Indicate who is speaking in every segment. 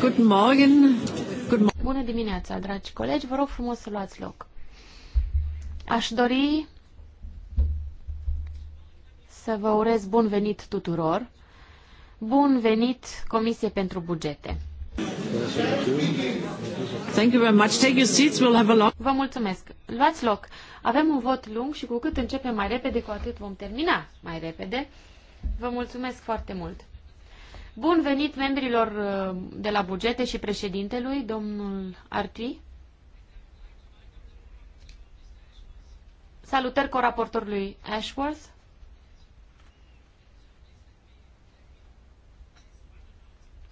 Speaker 1: Good morning. Good Bună dimineața, dragi colegi. Vă rog frumos să luați loc. Aș dori să vă urez bun venit tuturor. Bun venit Comisie pentru Bugete. Thank you very much. Take your seats. We'll have a long... Vă mulțumesc. Luați loc. Avem un vot lung și cu cât începem mai repede, cu atât vom termina mai repede. Vă mulțumesc foarte mult. Bun venit membrilor uh, de la bugete și președintelui, domnul Artui. Salutări coraportorului Ashworth.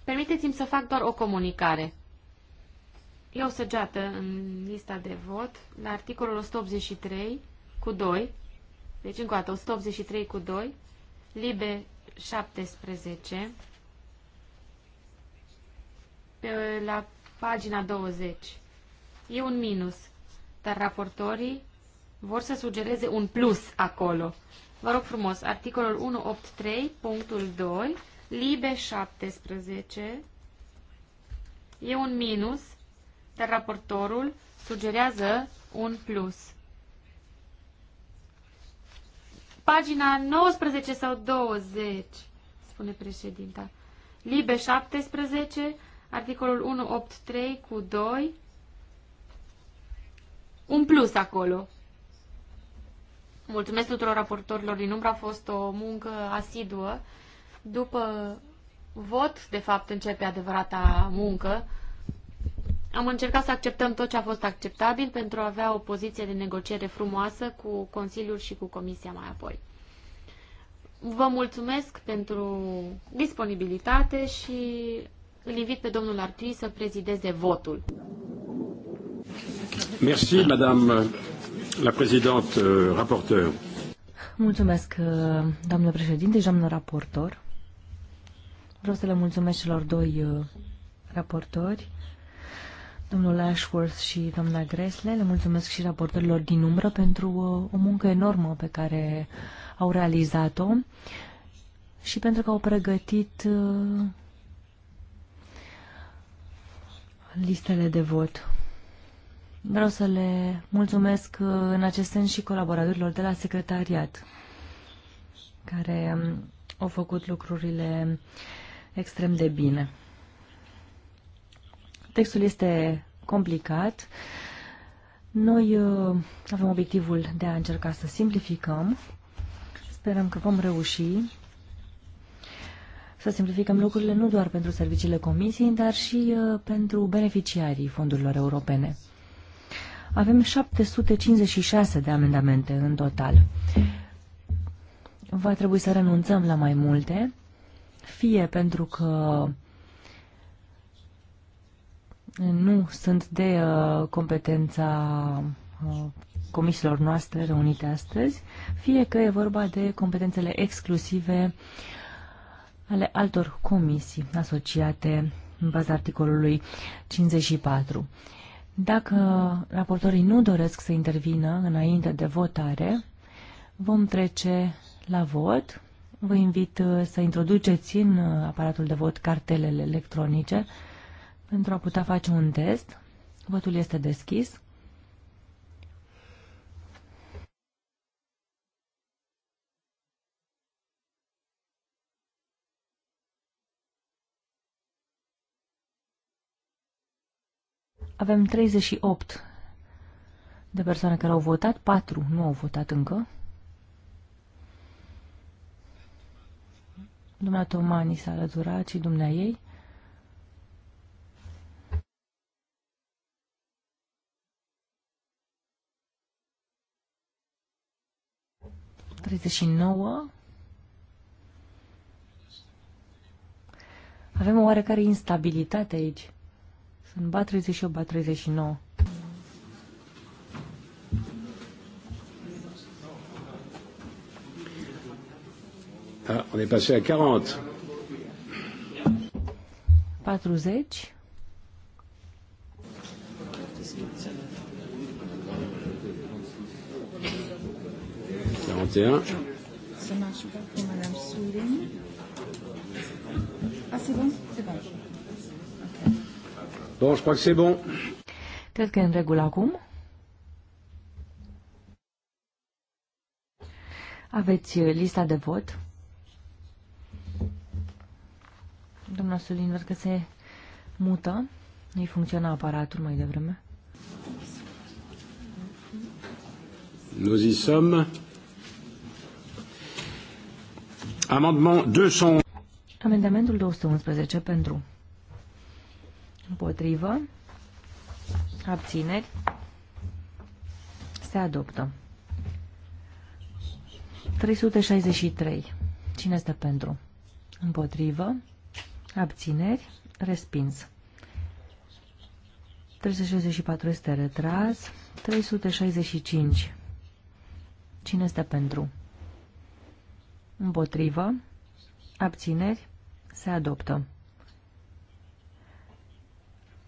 Speaker 1: Permiteți-mi să fac doar o comunicare. E o săgeată în lista de vot la articolul 183 cu 2. Deci încă o dată, 183 cu 2. Libe 17, pe, la pagina 20. E un minus, dar raportorii vor să sugereze un plus acolo. Vă rog frumos, articolul 1.8.3.2 libe 17, e un minus, dar raportorul sugerează un plus. Pagina 19 sau 20, spune președinta. Libe 17, articolul 183 cu 2. Un plus acolo. Mulțumesc tuturor raportorilor din umbră, a fost o muncă asiduă. După vot, de fapt, începe adevărata muncă. Am încercat să acceptăm tot ce a fost acceptabil pentru a avea o poziție de negociere frumoasă cu Consiliul și cu Comisia mai apoi. Vă mulțumesc pentru disponibilitate și îl invit pe domnul Artui să prezideze votul. Merci, madame la présidente euh, rapporteur.
Speaker 2: Mulțumesc, uh, doamnă președinte doamnă raportor. Vreau să le mulțumesc celor doi uh, raportori domnul Ashworth și doamna Gresle. Le mulțumesc și raportorilor din umbră pentru uh, o muncă enormă pe care au realizat-o și pentru că au pregătit uh, listele de vot. Vreau să le mulțumesc uh, în acest sens și colaboratorilor de la secretariat care um, au făcut lucrurile extrem de bine. Textul este complicat. Noi uh, avem obiectivul de a încerca să simplificăm. Sperăm că vom reuși să simplificăm lucrurile nu doar pentru serviciile comisiei, dar și uh, pentru beneficiarii fondurilor europene. Avem 756 de amendamente în total. Va trebui să renunțăm la mai multe, fie pentru că nu sunt de uh, competența uh, comisiilor noastre reunite astăzi, fie că e vorba de competențele exclusive ale altor comisii asociate în baza articolului 54. Dacă raportorii nu doresc să intervină înainte de votare, vom trece la vot. Vă invit uh, să introduceți în uh, aparatul de vot cartelele electronice pentru a putea face un test. Votul este deschis. Avem 38 de persoane care au votat, 4 nu au votat încă. Domnul Tomani s-a alăturat și dumnea ei. 39. Avem o oarecare instabilitate aici. Sunt ba 38, ba 39.
Speaker 1: Ah, on est passé à 40. 40.
Speaker 3: 21. Ça marche pas Madame Soulin.
Speaker 1: Ah, c'est bon C'est bon. Bon, je crois que c'est bon.
Speaker 2: Cred că e în regulă acum. Aveți uh, lista de vot. Domnul Sulin, văd că se mută. Nu-i funcționa aparatul mai devreme.
Speaker 1: Nous y sommes. Amendement 200.
Speaker 2: Amendamentul 211 pentru.
Speaker 1: Împotrivă.
Speaker 2: Abțineri. Se adoptă. 363. Cine este pentru? Împotrivă. Abțineri. Respins. 364 este retras. 365. Cine este pentru? Împotrivă. Abțineri. Se adoptă.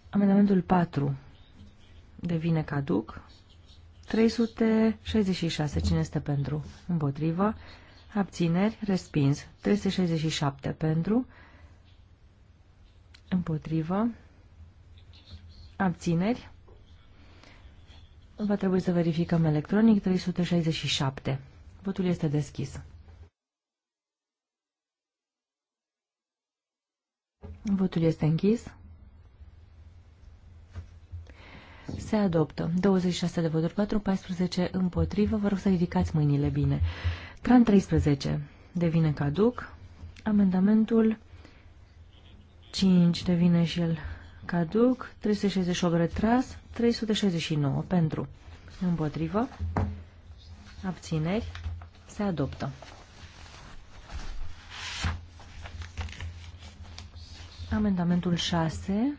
Speaker 2: Amendamentul 4 devine caduc. 366. Cine este pentru? Împotrivă. Abțineri. Respins. 367 pentru. Împotrivă. Abțineri. Va trebui să verificăm electronic 367. Votul este deschis. Votul este închis. Se adoptă. 26 de voturi, 4, 14 împotrivă. Vă rog să ridicați mâinile bine. Tran 13 devine caduc. Amendamentul 5 devine și el caduc. 368 retras. 369 pentru. Împotrivă. Abțineri. Se adoptă. Amendamentul 6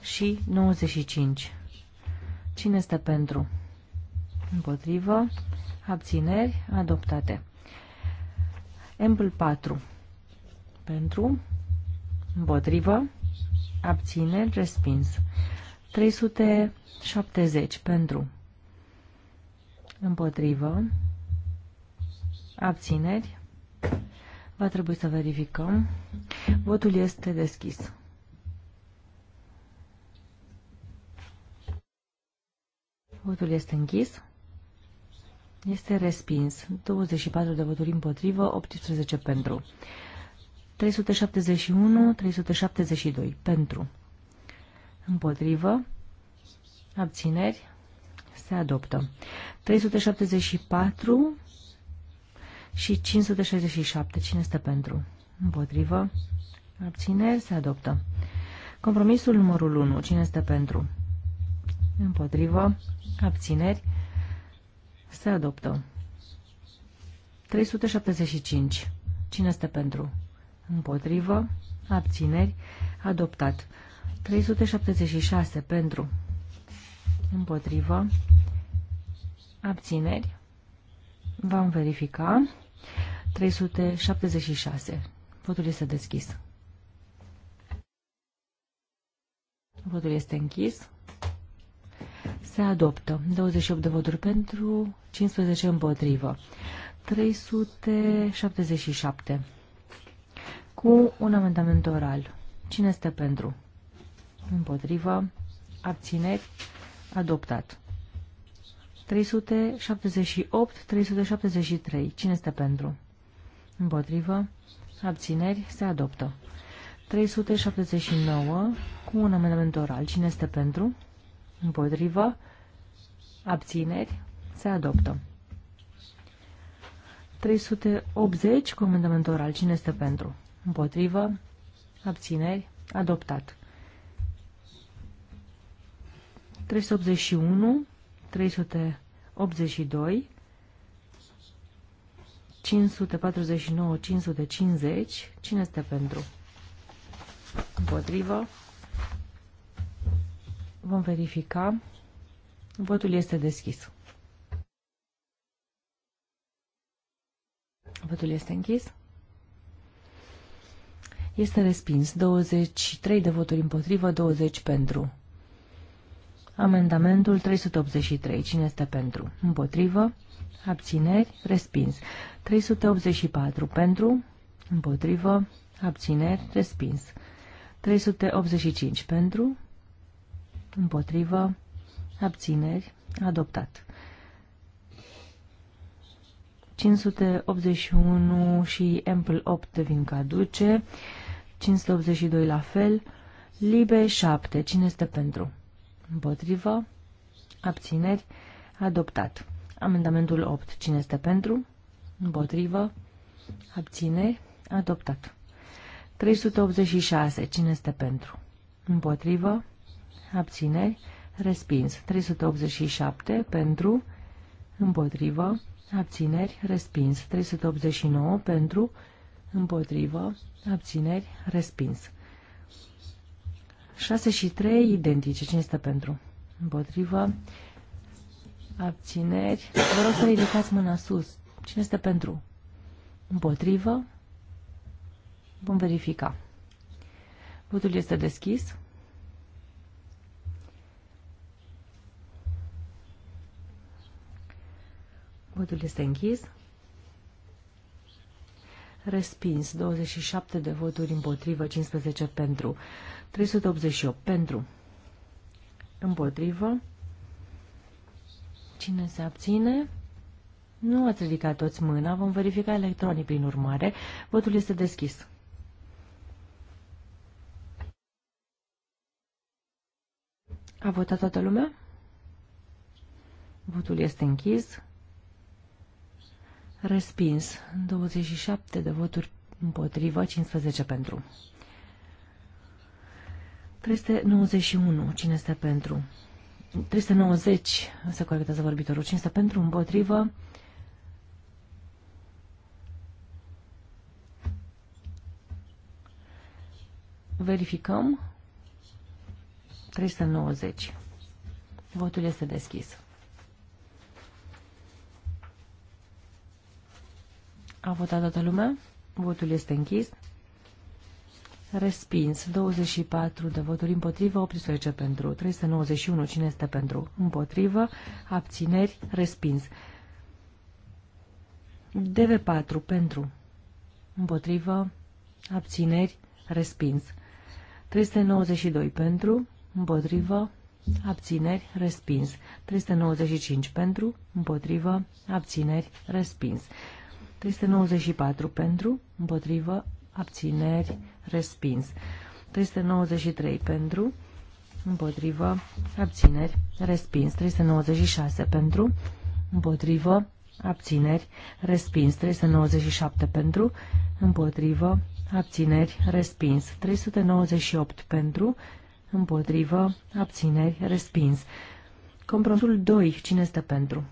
Speaker 2: și 95. Cine este pentru? Împotrivă. Abțineri. Adoptate. Ample 4. Pentru. Împotrivă. Abțineri. Respins. 370. Pentru. Împotrivă. Abțineri. Va trebui să verificăm. Votul este deschis. Votul este închis. Este respins. 24 de voturi împotrivă, 18 pentru. 371, 372 pentru. Împotrivă. Abțineri. Se adoptă. 374 și 567. Cine este pentru? Împotrivă. Abțineri se adoptă. Compromisul numărul 1. Cine este pentru? Împotrivă. Abțineri se adoptă. 375. Cine este pentru? Împotrivă. Abțineri. Adoptat. 376 pentru. Împotrivă. Abțineri. Vom verifica. 376. Votul este deschis. Votul este închis. Se adoptă. 28 de voturi pentru, 15 împotrivă. 377. Cu un amendament oral. Cine este pentru? Împotrivă. Abțineri. Adoptat. 378, 373. Cine este pentru? Împotrivă. Abțineri. Se adoptă. 379 cu un amendament oral. Cine este pentru? Împotrivă. Abțineri. Se adoptă. 380 cu amendament oral. Cine este pentru? Împotrivă. Abțineri. Adoptat. 381 382, 549, 550. Cine este pentru? Împotrivă. Vom verifica. Votul este deschis. Votul este închis. Este respins 23 de voturi împotrivă, 20 pentru. Amendamentul 383. Cine este pentru? Împotrivă. Abțineri. Respins. 384. Pentru. Împotrivă. Abțineri. Respins. 385. Pentru. Împotrivă. Abțineri. Adoptat. 581 și Ample 8 devin caduce. 582 la fel. Libe 7. Cine este pentru? Împotrivă. Abțineri. Adoptat. Amendamentul 8. Cine este pentru? Împotrivă. Abțineri. Adoptat. 386. Cine este pentru? Împotrivă. Abțineri. Respins. 387. Pentru. Împotrivă. Abțineri. Respins. 389. Pentru. Împotrivă. Abțineri. Respins. 6 și 3 identice. Cine stă pentru? Împotrivă. Abțineri. Vă rog să ridicați mâna sus. Cine stă pentru? Împotrivă. Vom verifica. Votul este deschis. Votul este închis. Respins 27 de voturi împotrivă, 15 pentru. 388 pentru. Împotrivă. Cine se abține? Nu ați ridicat toți mâna, vom verifica electronic prin urmare. Votul este deschis. A votat toată lumea? Votul este închis. Respins. 27 de voturi împotrivă, 15 pentru. 391. Cine este pentru? 390. Se corectează vorbitorul. Cine este pentru? Împotrivă. Verificăm. 390. Votul este deschis. A votat toată lumea. Votul este închis. Respins. 24 de voturi împotrivă, 18 pentru. 391. Cine este pentru? Împotrivă. Abțineri. Respins. DV4 pentru. Împotrivă. Abțineri. Respins. 392 pentru. Împotrivă. Abțineri. Respins. 395 pentru. Împotrivă. Abțineri. Respins. 394 pentru. Împotrivă abțineri, respins. 393 pentru, împotrivă, abțineri, respins. 396 pentru, împotrivă, abțineri, respins. 397 pentru, împotrivă, abțineri, respins. 398 pentru, împotrivă, abțineri, respins. Compromisul 2, cine este pentru?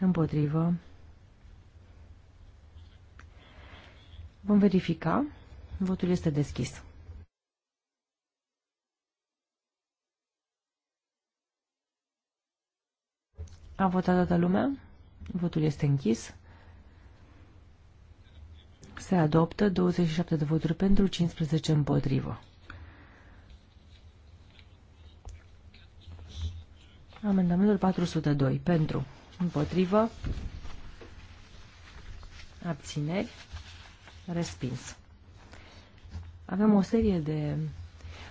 Speaker 2: Împotrivă, Vom verifica. Votul este deschis. A votat toată lumea. Votul este închis. Se adoptă 27 de voturi pentru, 15 împotrivă. Amendamentul 402 pentru, împotrivă, abțineri. Respins. Avem o serie de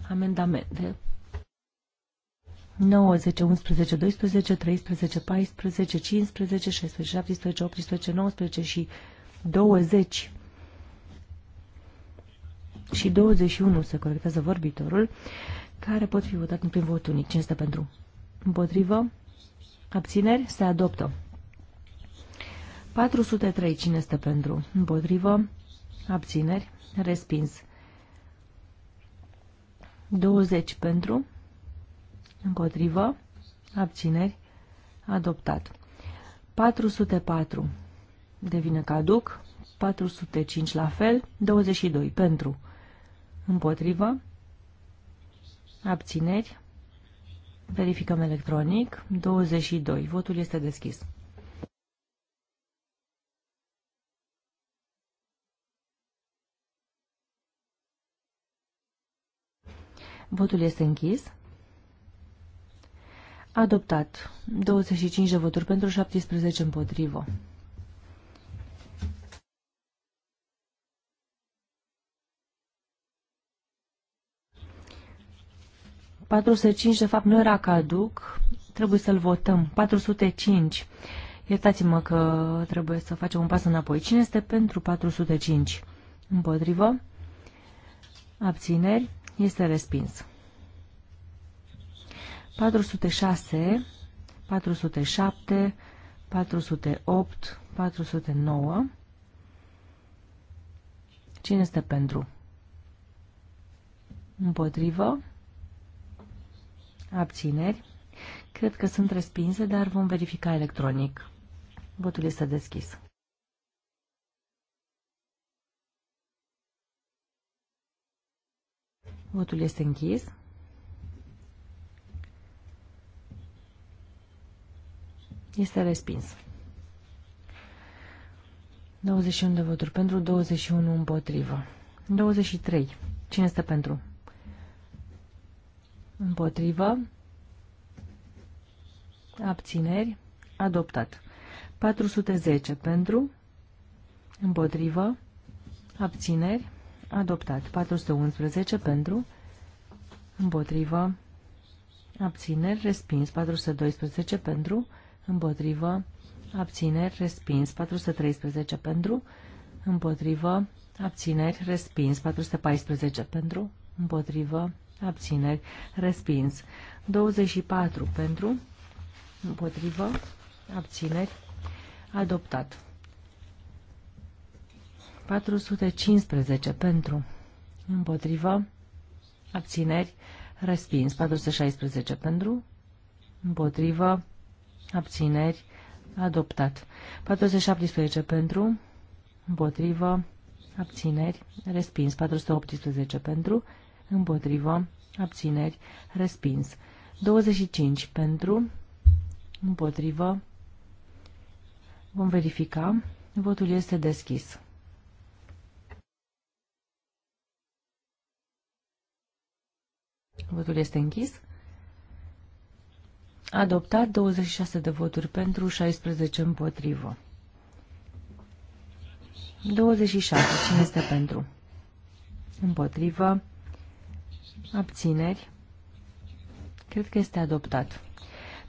Speaker 2: amendamente. 9, 10, 11, 12, 13, 14, 15, 16, 17, 18, 19 și 20 și 21 se corectează vorbitorul, care pot fi votat prin vot unic. Cine este pentru? Împotrivă? Abțineri? Se adoptă. 403. Cine este pentru? Împotrivă? abțineri, respins. 20 pentru, împotrivă, abțineri, adoptat. 404 devine caduc, 405 la fel, 22 pentru, împotrivă, abțineri, verificăm electronic, 22, votul este deschis. Votul este închis. Adoptat. 25 de voturi pentru, 17 împotrivă. cinci de fapt nu era caduc, trebuie să-l votăm. 405. Iertați-mă că trebuie să facem un pas înapoi. Cine este pentru 405? Împotrivă? Abțineri? Este respins. 406, 407, 408, 409. Cine este pentru? Împotrivă? Abțineri? Cred că sunt respinse, dar vom verifica electronic. Votul este deschis. Votul este închis. Este respins. 21 de voturi pentru, 21 împotrivă. 23. Cine este pentru? Împotrivă. Abțineri. Adoptat. 410 pentru. Împotrivă. Abțineri adoptat. 411 pentru, împotrivă, abțineri, respins. 412 pentru, împotrivă, abțineri, respins. 413 pentru, împotrivă, abțineri, respins. 414 pentru, împotrivă, abțineri, respins. 24 pentru, împotrivă, abțineri, adoptat. 415 pentru, împotrivă, abțineri, respins. 416 pentru, împotrivă, abțineri, adoptat. 417 pentru, împotrivă, abțineri, respins. 418 pentru, împotrivă, abțineri, respins. 25 pentru, împotrivă, vom verifica, votul este deschis. Deci, votul este închis. Adoptat 26 de voturi pentru, 16 împotrivă. 26. Cine este pentru? Împotrivă. Abțineri. Cred că este adoptat.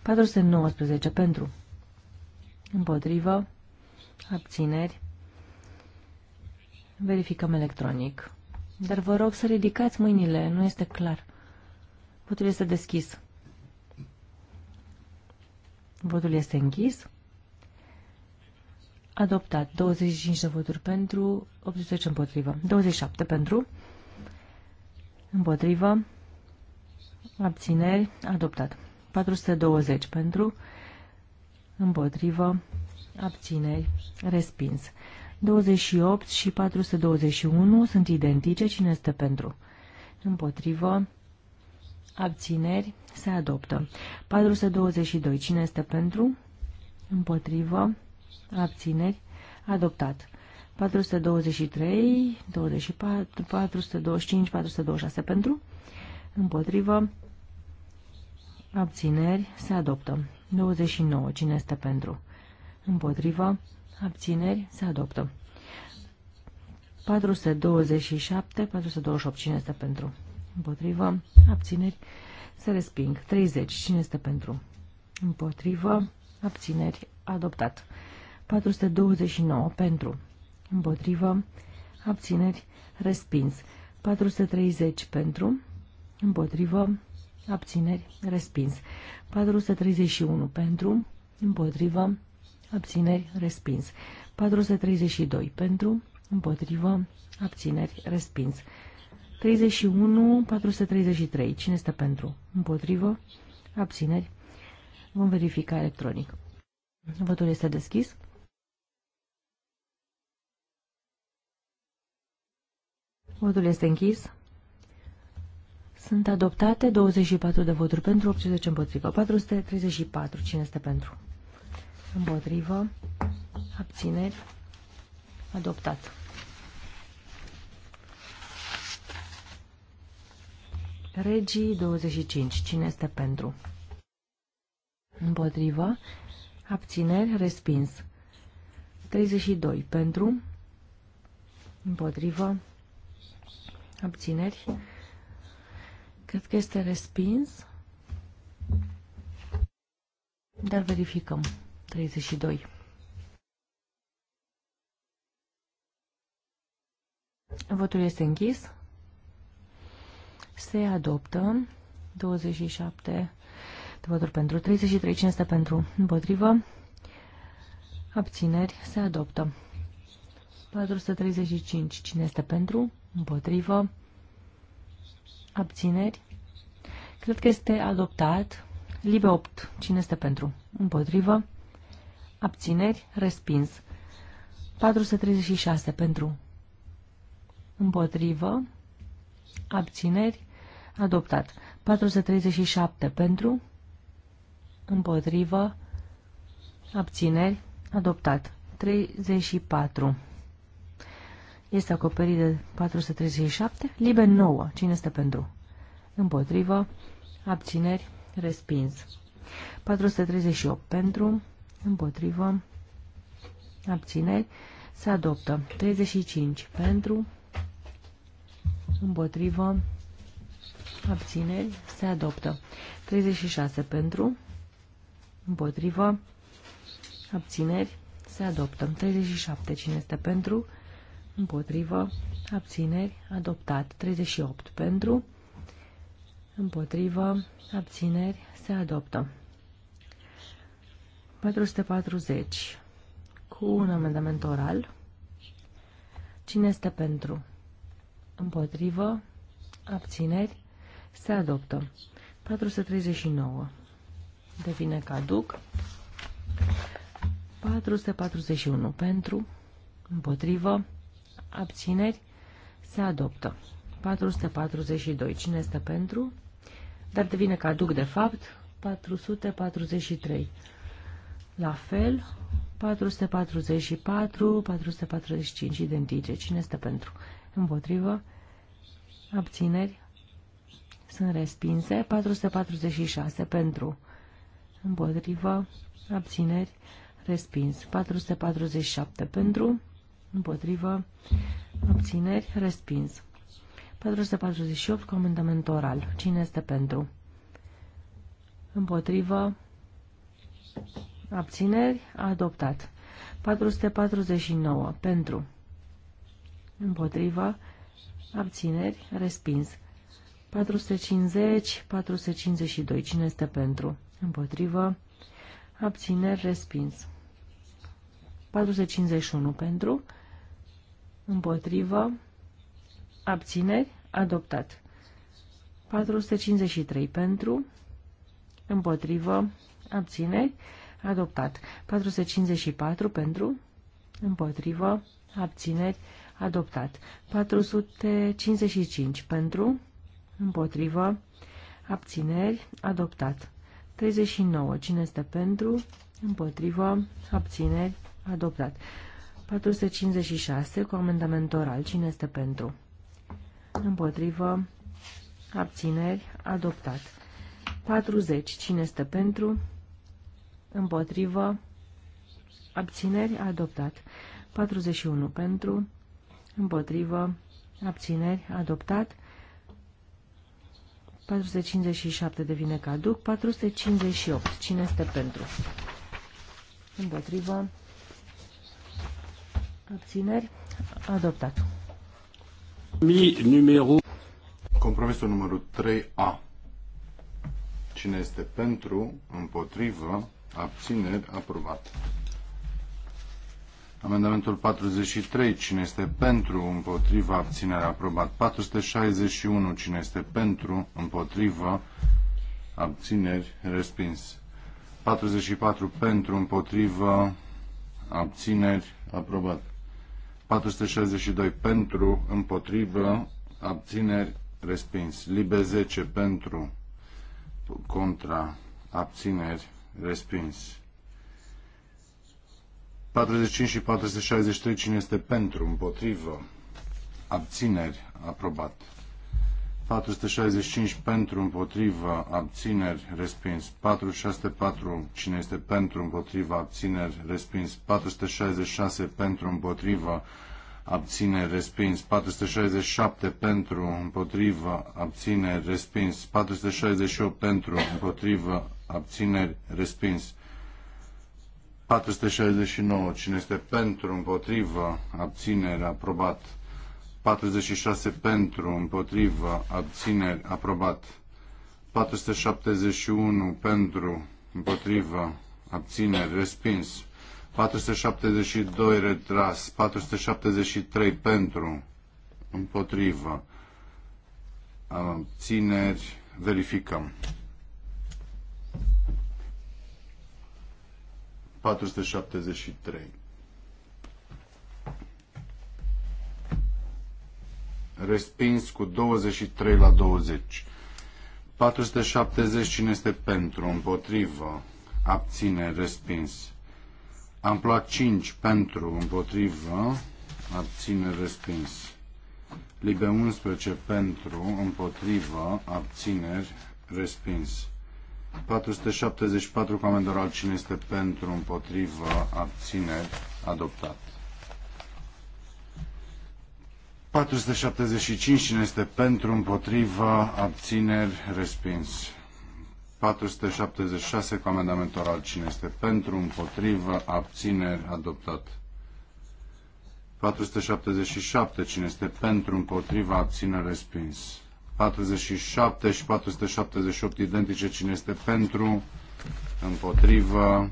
Speaker 2: 419 pentru. Împotrivă. Abțineri. Verificăm electronic. Dar vă rog să ridicați mâinile, nu este clar. Votul este deschis. Votul este închis. Adoptat. 25 de voturi pentru, 80 împotrivă. 27 pentru, împotrivă, abțineri, adoptat. 420 pentru, împotrivă, abțineri, respins. 28 și 421 sunt identice. Cine este pentru? Împotrivă, Abțineri. Se adoptă. 422. Cine este pentru? Împotrivă. Abțineri. Adoptat. 423, 24, 425, 426 pentru. Împotrivă. Abțineri. Se adoptă. 29. Cine este pentru? Împotrivă. Abțineri. Se adoptă. 427, 428. Cine este pentru? Împotrivă. Abțineri. Se resping. 30. Cine este pentru? Împotrivă. Abțineri. Adoptat. 429. Pentru. Împotrivă. Abțineri. Respins. 430 pentru. Împotrivă. Abțineri. Respins. 431 pentru. Împotrivă. Abțineri. Respins. 432 pentru. Împotrivă. Abțineri. Respins. 31, 433. Cine este pentru? Împotrivă? Abțineri? Vom verifica electronic. Votul este deschis. Votul este închis. Sunt adoptate 24 de voturi pentru, 80 împotrivă. 434. Cine este pentru? Împotrivă. Abțineri. Adoptat. Regii 25. Cine este pentru? Împotrivă. Abțineri. Respins. 32. Pentru. Împotrivă. Abțineri. Cred că este respins. Dar verificăm. 32. Votul este închis se adoptă. 27 de voturi pentru, 33 cinste pentru, împotrivă. Abțineri se adoptă. 435 cine este pentru, împotrivă. Abțineri. Cred că este adoptat. Libe 8. Cine este pentru? Împotrivă. Abțineri. Respins. 436 pentru. Împotrivă. Abțineri. Adoptat. 437 pentru, împotrivă, abțineri, adoptat. 34. Este acoperit de 437. Liber 9. Cine este pentru? Împotrivă, abțineri, respins. 438 pentru, împotrivă, abțineri, se adoptă. 35 pentru, împotrivă, abțineri, se adoptă. 36 pentru, împotrivă, abțineri, se adoptă. 37, cine este pentru, împotrivă, abțineri, adoptat. 38 pentru, împotrivă, abțineri, se adoptă. 440 cu un amendament oral. Cine este pentru? Împotrivă? Abțineri? Se adoptă. 439 devine caduc. 441 pentru, împotrivă, abțineri, se adoptă. 442, cine este pentru? Dar devine caduc de fapt. 443, la fel. 444, 445, identice. Cine este pentru? Împotrivă, abțineri, sunt respinse. 446 pentru, împotrivă, abțineri, respins. 447 pentru, împotrivă, abțineri, respins. 448 cu amendament oral. Cine este pentru? Împotrivă, abțineri, adoptat. 449 pentru, împotrivă, abțineri, respins. 450, 452. Cine este pentru? Împotrivă. Abțineri respins. 451 pentru. Împotrivă. Abțineri adoptat. 453 pentru. Împotrivă. Abțineri adoptat. 454 pentru. Împotrivă. Abțineri adoptat. 455 pentru împotrivă, abțineri, adoptat. 39. Cine este pentru, împotrivă, abțineri, adoptat. 456. Cu amendament oral. Cine este pentru? Împotrivă, abțineri, adoptat. 40. Cine este pentru? Împotrivă, abțineri, adoptat. 41. Pentru, împotrivă, abțineri, adoptat. 457 devine caduc. 458. Cine este pentru? Împotrivă. Abțineri. Adoptat.
Speaker 3: Mi numero... Compromisul numărul 3A. Cine este pentru, împotrivă, abțineri, aprobat. Amendamentul 43, cine este pentru, împotriva, abținere, aprobat. 461, cine este pentru, împotriva, abțineri, respins. 44, pentru, împotriva, abțineri, aprobat. 462, pentru, împotriva, abțineri, respins. Libe 10, pentru, contra, abțineri, respins. 45 și 463, cine este pentru, împotrivă, abțineri, aprobat. 465 pentru, împotrivă, abțineri, respins. 464, cine este pentru, împotrivă, abțineri, respins. 466 pentru, împotrivă, abțineri, respins. 467 pentru, împotrivă, abțineri, respins. 468 pentru, împotrivă, abțineri, respins. 469. Cine este pentru, împotrivă, abțineri, aprobat. 46 pentru, împotrivă, abțineri, aprobat. 471 pentru, împotrivă, abțineri, respins. 472 retras, 473 pentru, împotrivă, abțineri, verificăm. 473. Respins cu 23 la 20. 470 cine este pentru, împotrivă, abține, respins. Amploa 5 pentru, împotrivă, abține, respins. Libe 11 pentru, împotrivă, abțineri, respins. 474 cu amendă oral. Cine este pentru, împotrivă, abțineri, adoptat. 475. Cine este pentru, împotrivă, abțineri, respins. 476 cu amendament oral. Cine este pentru, împotrivă, abțineri, adoptat. 477. Cine este pentru, împotrivă, abțineri, respins. 47 și 478 identice. Cine este pentru? Împotrivă?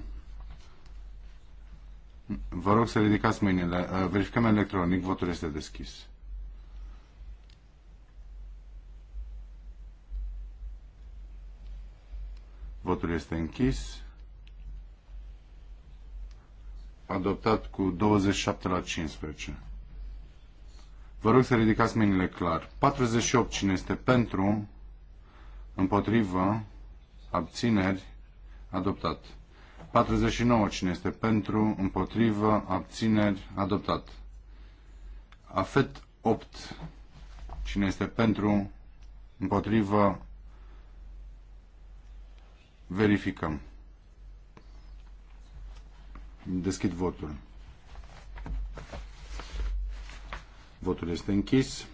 Speaker 3: Vă rog să ridicați mâinile. Uh, verificăm electronic. Votul este deschis. Votul este închis. Adoptat cu 27 la 15. Vă rog să ridicați mâinile clar. 48. Cine este pentru? Împotrivă? Abțineri? Adoptat. 49. Cine este pentru? Împotrivă? Abțineri? Adoptat. Afet 8. Cine este pentru? Împotrivă? Verificăm. Deschid votul. Votul este închis.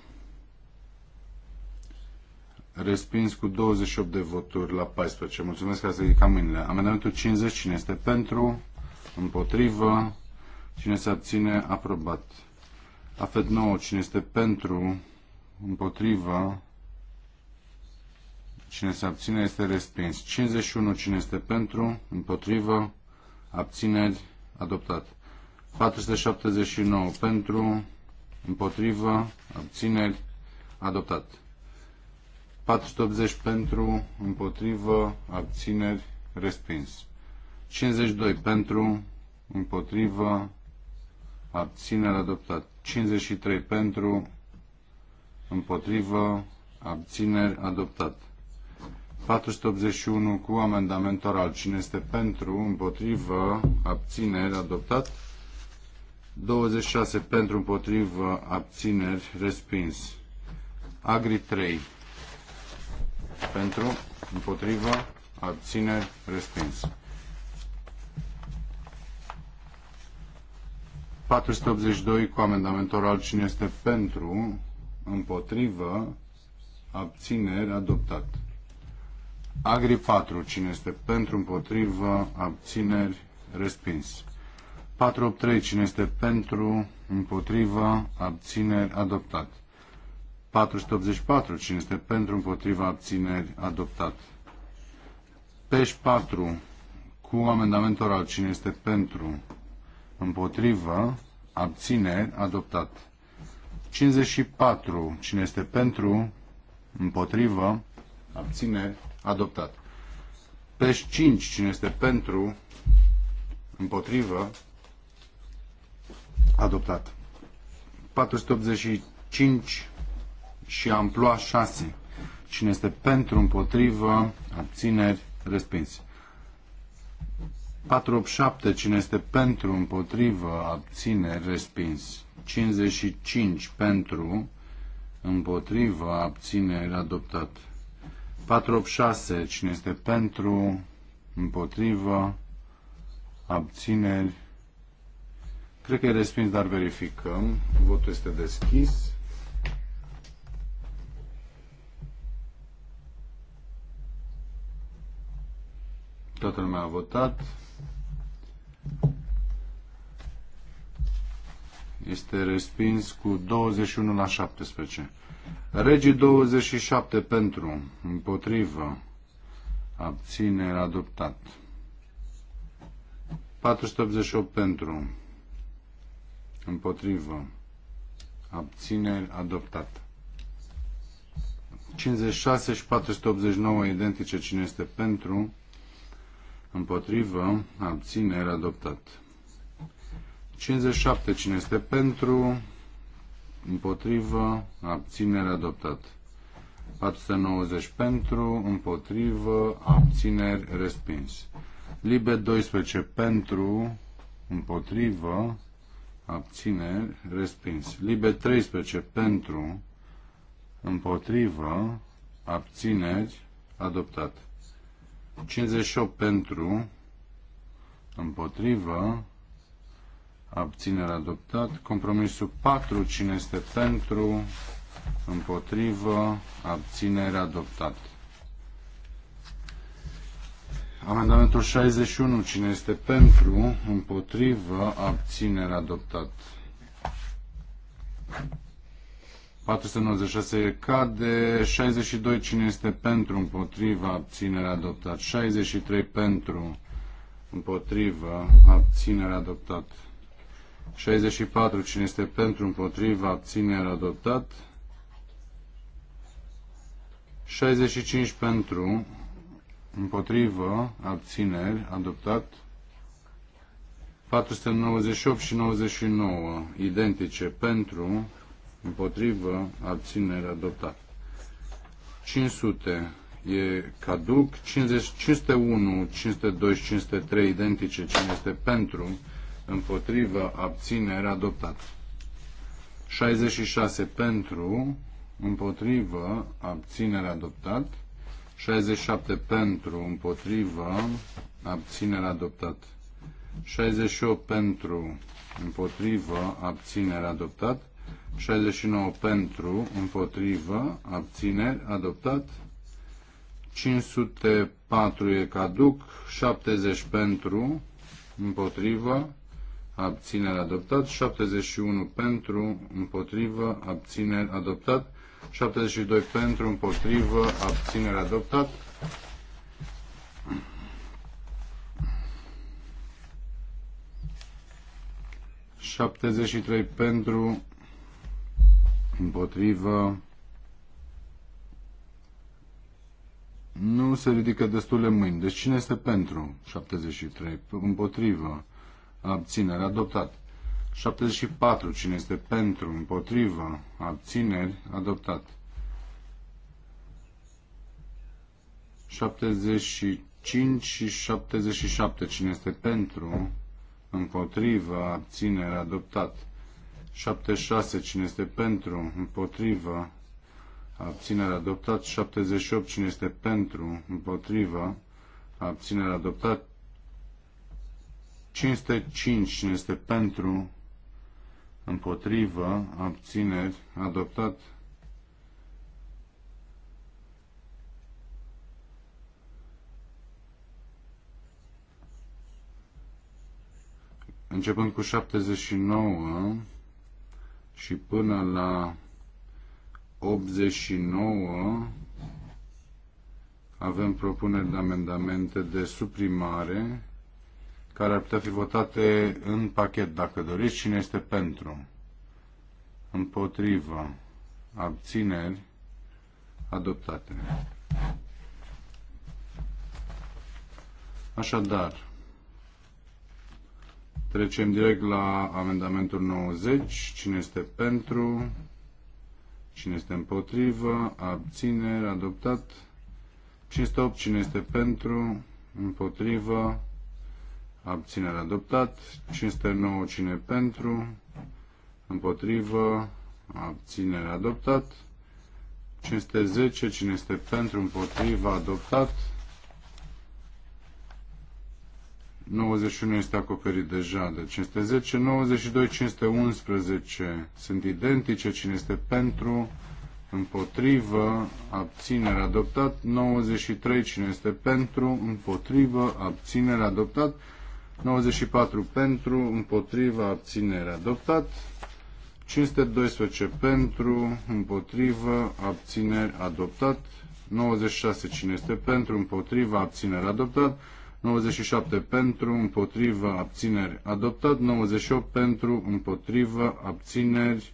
Speaker 3: Respins cu 28 de voturi la 14. Mulțumesc că ați ridicat mâinile. Amendamentul 50. Cine este pentru? Împotrivă? Cine se abține? Aprobat. Afet 9. Cine este pentru? Împotrivă? Cine se abține este respins. 51. Cine este pentru? Împotrivă? Abțineri? Adoptat. 479 pentru, împotrivă, abțineri, adoptat. 480 pentru, împotrivă, abțineri, respins. 52 pentru, împotrivă, abțineri, adoptat. 53 pentru, împotrivă, abțineri, adoptat. 481 cu amendament oral. Cine este pentru, împotrivă, abțineri, adoptat. 26 pentru împotrivă abțineri respins. Agri 3 pentru împotrivă abțineri respins. 482 cu amendament oral cine este pentru împotrivă abțineri adoptat. Agri 4 cine este pentru împotrivă abțineri respins. 483. Cine este pentru? Împotrivă? Abțineri? Adoptat. 484. Cine este pentru? Împotriva? Abțineri? Adoptat. Peș 4. Cu amendament oral. Cine este pentru? Împotrivă? Abțineri? Adoptat. 54. Cine este pentru? Împotrivă? Abțineri? Adoptat. Peș 5. Cine este pentru? Împotrivă? adoptat. 485 și amploa 6. Cine este pentru, împotrivă, abțineri, respins. 487. Cine este pentru, împotrivă, abțineri, respins. 55 pentru, împotrivă, abțineri, adoptat. 486. Cine este pentru, împotrivă, abțineri, Cred că e respins, dar verificăm. Votul este deschis. Toată lumea a votat. Este respins cu 21 la 17. Regii 27 pentru, împotrivă, abține, adoptat. 488 pentru, Împotrivă. Abțineri. Adoptat. 56 și 489 identice. Cine este pentru? Împotrivă. Abțineri. Adoptat. 57. Cine este pentru? Împotrivă. Abțineri Adoptat. 490 pentru, împotrivă, abțineri, respins. Libe 12 pentru, împotrivă, abțineri, respins. Liber 13 pentru, împotrivă, abțineri, adoptat. 58 pentru, împotrivă, abțineri, adoptat. Compromisul 4, cine este pentru, împotrivă, abțineri, adoptat. Amendamentul 61. Cine este pentru? Împotrivă? Abținere adoptat. 496 cade. 62. Cine este pentru? Împotrivă? Abținere adoptat. 63 pentru. Împotrivă? Abținere adoptat. 64. Cine este pentru? Împotrivă? Abținere adoptat. 65 pentru împotrivă, abțineri, adoptat. 498 și 99, identice, pentru, împotrivă, abțineri, adoptat. 500 e caduc, 50, 501, 502 și 503 identice, cine este pentru, împotrivă, abțineri, adoptat. 66 pentru, împotrivă, abținere adoptat. 67 pentru, împotrivă, abținere adoptat. 68 pentru, împotrivă, abținere adoptat. 69 pentru, împotrivă, abțineri, adoptat. 504 e caduc, 70 pentru, împotrivă, abțineri, adoptat. 71 pentru, împotrivă, abțineri, adoptat. 72 pentru, împotrivă, abținere adoptat. ...73 pentru, împotrivă, nu se ridică destule mâini. Deci cine este pentru 73? Împotrivă, abținere, adoptat. 74. Cine este pentru, împotrivă, abțineri, adoptat. 75 și 77. Cine este pentru, împotrivă, abțineri, adoptat. 76. Cine este pentru, împotrivă, abținere, adoptat. 78. Cine este pentru, împotrivă, abținere, adoptat. 505. Cine este pentru, împotrivă, abțineri, adoptat. Începând cu 79 și până la 89 avem propuneri de amendamente de suprimare care ar putea fi votate în pachet, dacă doriți. Cine este pentru? Împotrivă. Abțineri. Adoptate. Așadar, trecem direct la amendamentul 90. Cine este pentru? Cine este împotrivă? Abțineri. Adoptat. 508. Cine este pentru? Împotrivă abținere adoptat, 509 cine pentru, împotrivă, abținere adoptat, 510 cine este pentru, împotrivă, adoptat, 91 este acoperit deja de 510, 92, 511 sunt identice, cine este pentru, împotrivă, abținere adoptat, 93, cine este pentru, împotrivă, abținere adoptat, 94 pentru, împotriva, abținere adoptat. 512 pentru, împotrivă, abțineri adoptat. 96 cine este pentru, împotriva, abțineri adoptat. 97 pentru, împotrivă, abțineri adoptat. 98 pentru, împotrivă, abțineri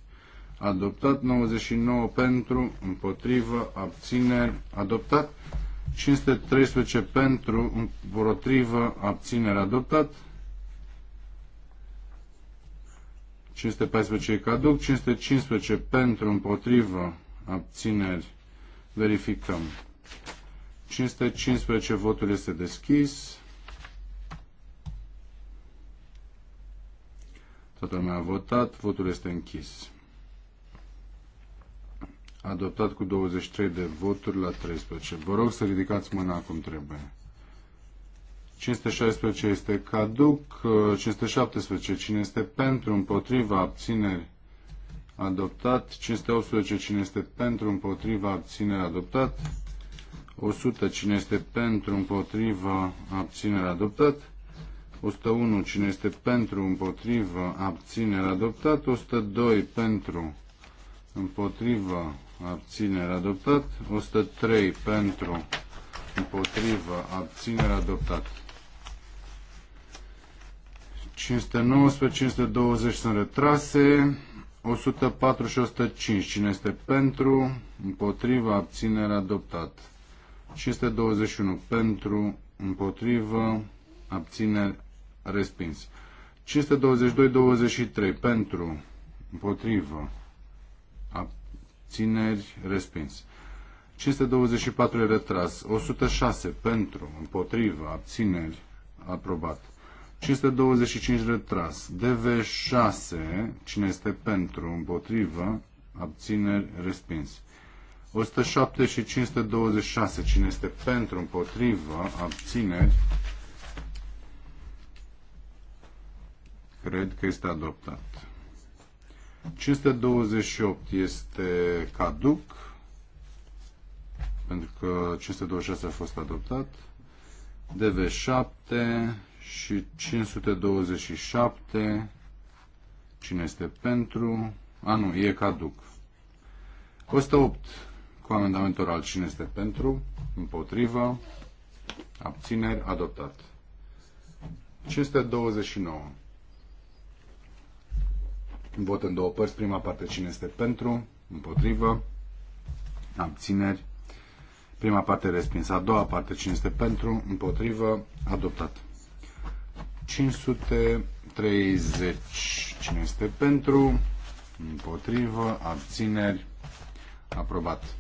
Speaker 3: adoptat. 99 pentru, împotrivă, abțineri adoptat. 513 pentru, împotrivă, abținere adoptat. 514 e caduc, 515 pentru, împotrivă, abțineri, verificăm. 515 votul este deschis. Toată lumea a votat, votul este închis adoptat cu 23 de voturi la 13. Vă rog să ridicați mâna cum trebuie. 516 este caduc, 517 cine este pentru, împotriva, abțineri, adoptat, 518 cine este pentru, împotriva, abțineri, adoptat, 100 cine este pentru, împotriva, abțineri, adoptat, 101 cine este pentru, împotriva, abțineri, adoptat, 102 pentru, împotriva, abținere adoptat, 103 pentru, împotrivă, abținere adoptat. 519, 520 sunt retrase, 104 și 105, cine este pentru, împotrivă, abținere adoptat. 521 pentru, împotrivă, abținere respins. 522-23 pentru, împotrivă, abțineri, respins. 524 e retras, 106 pentru, împotrivă, abțineri, aprobat. 525 retras, DV6, cine este pentru, împotrivă, abțineri, respins. 107 și 526, cine este pentru, împotrivă, abțineri, cred că este adoptat. 528 este caduc, pentru că 526 a fost adoptat. DV7 și 527. Cine este pentru? A, nu, e caduc. 108 cu amendament oral. Cine este pentru? Împotrivă. Abțineri. Adoptat. 529. Vot în două părți. Prima parte cine este pentru, împotrivă, abțineri. Prima parte respinsă. A doua parte cine este pentru, împotrivă, adoptat. 530. Cine este pentru, împotrivă, abțineri, aprobat.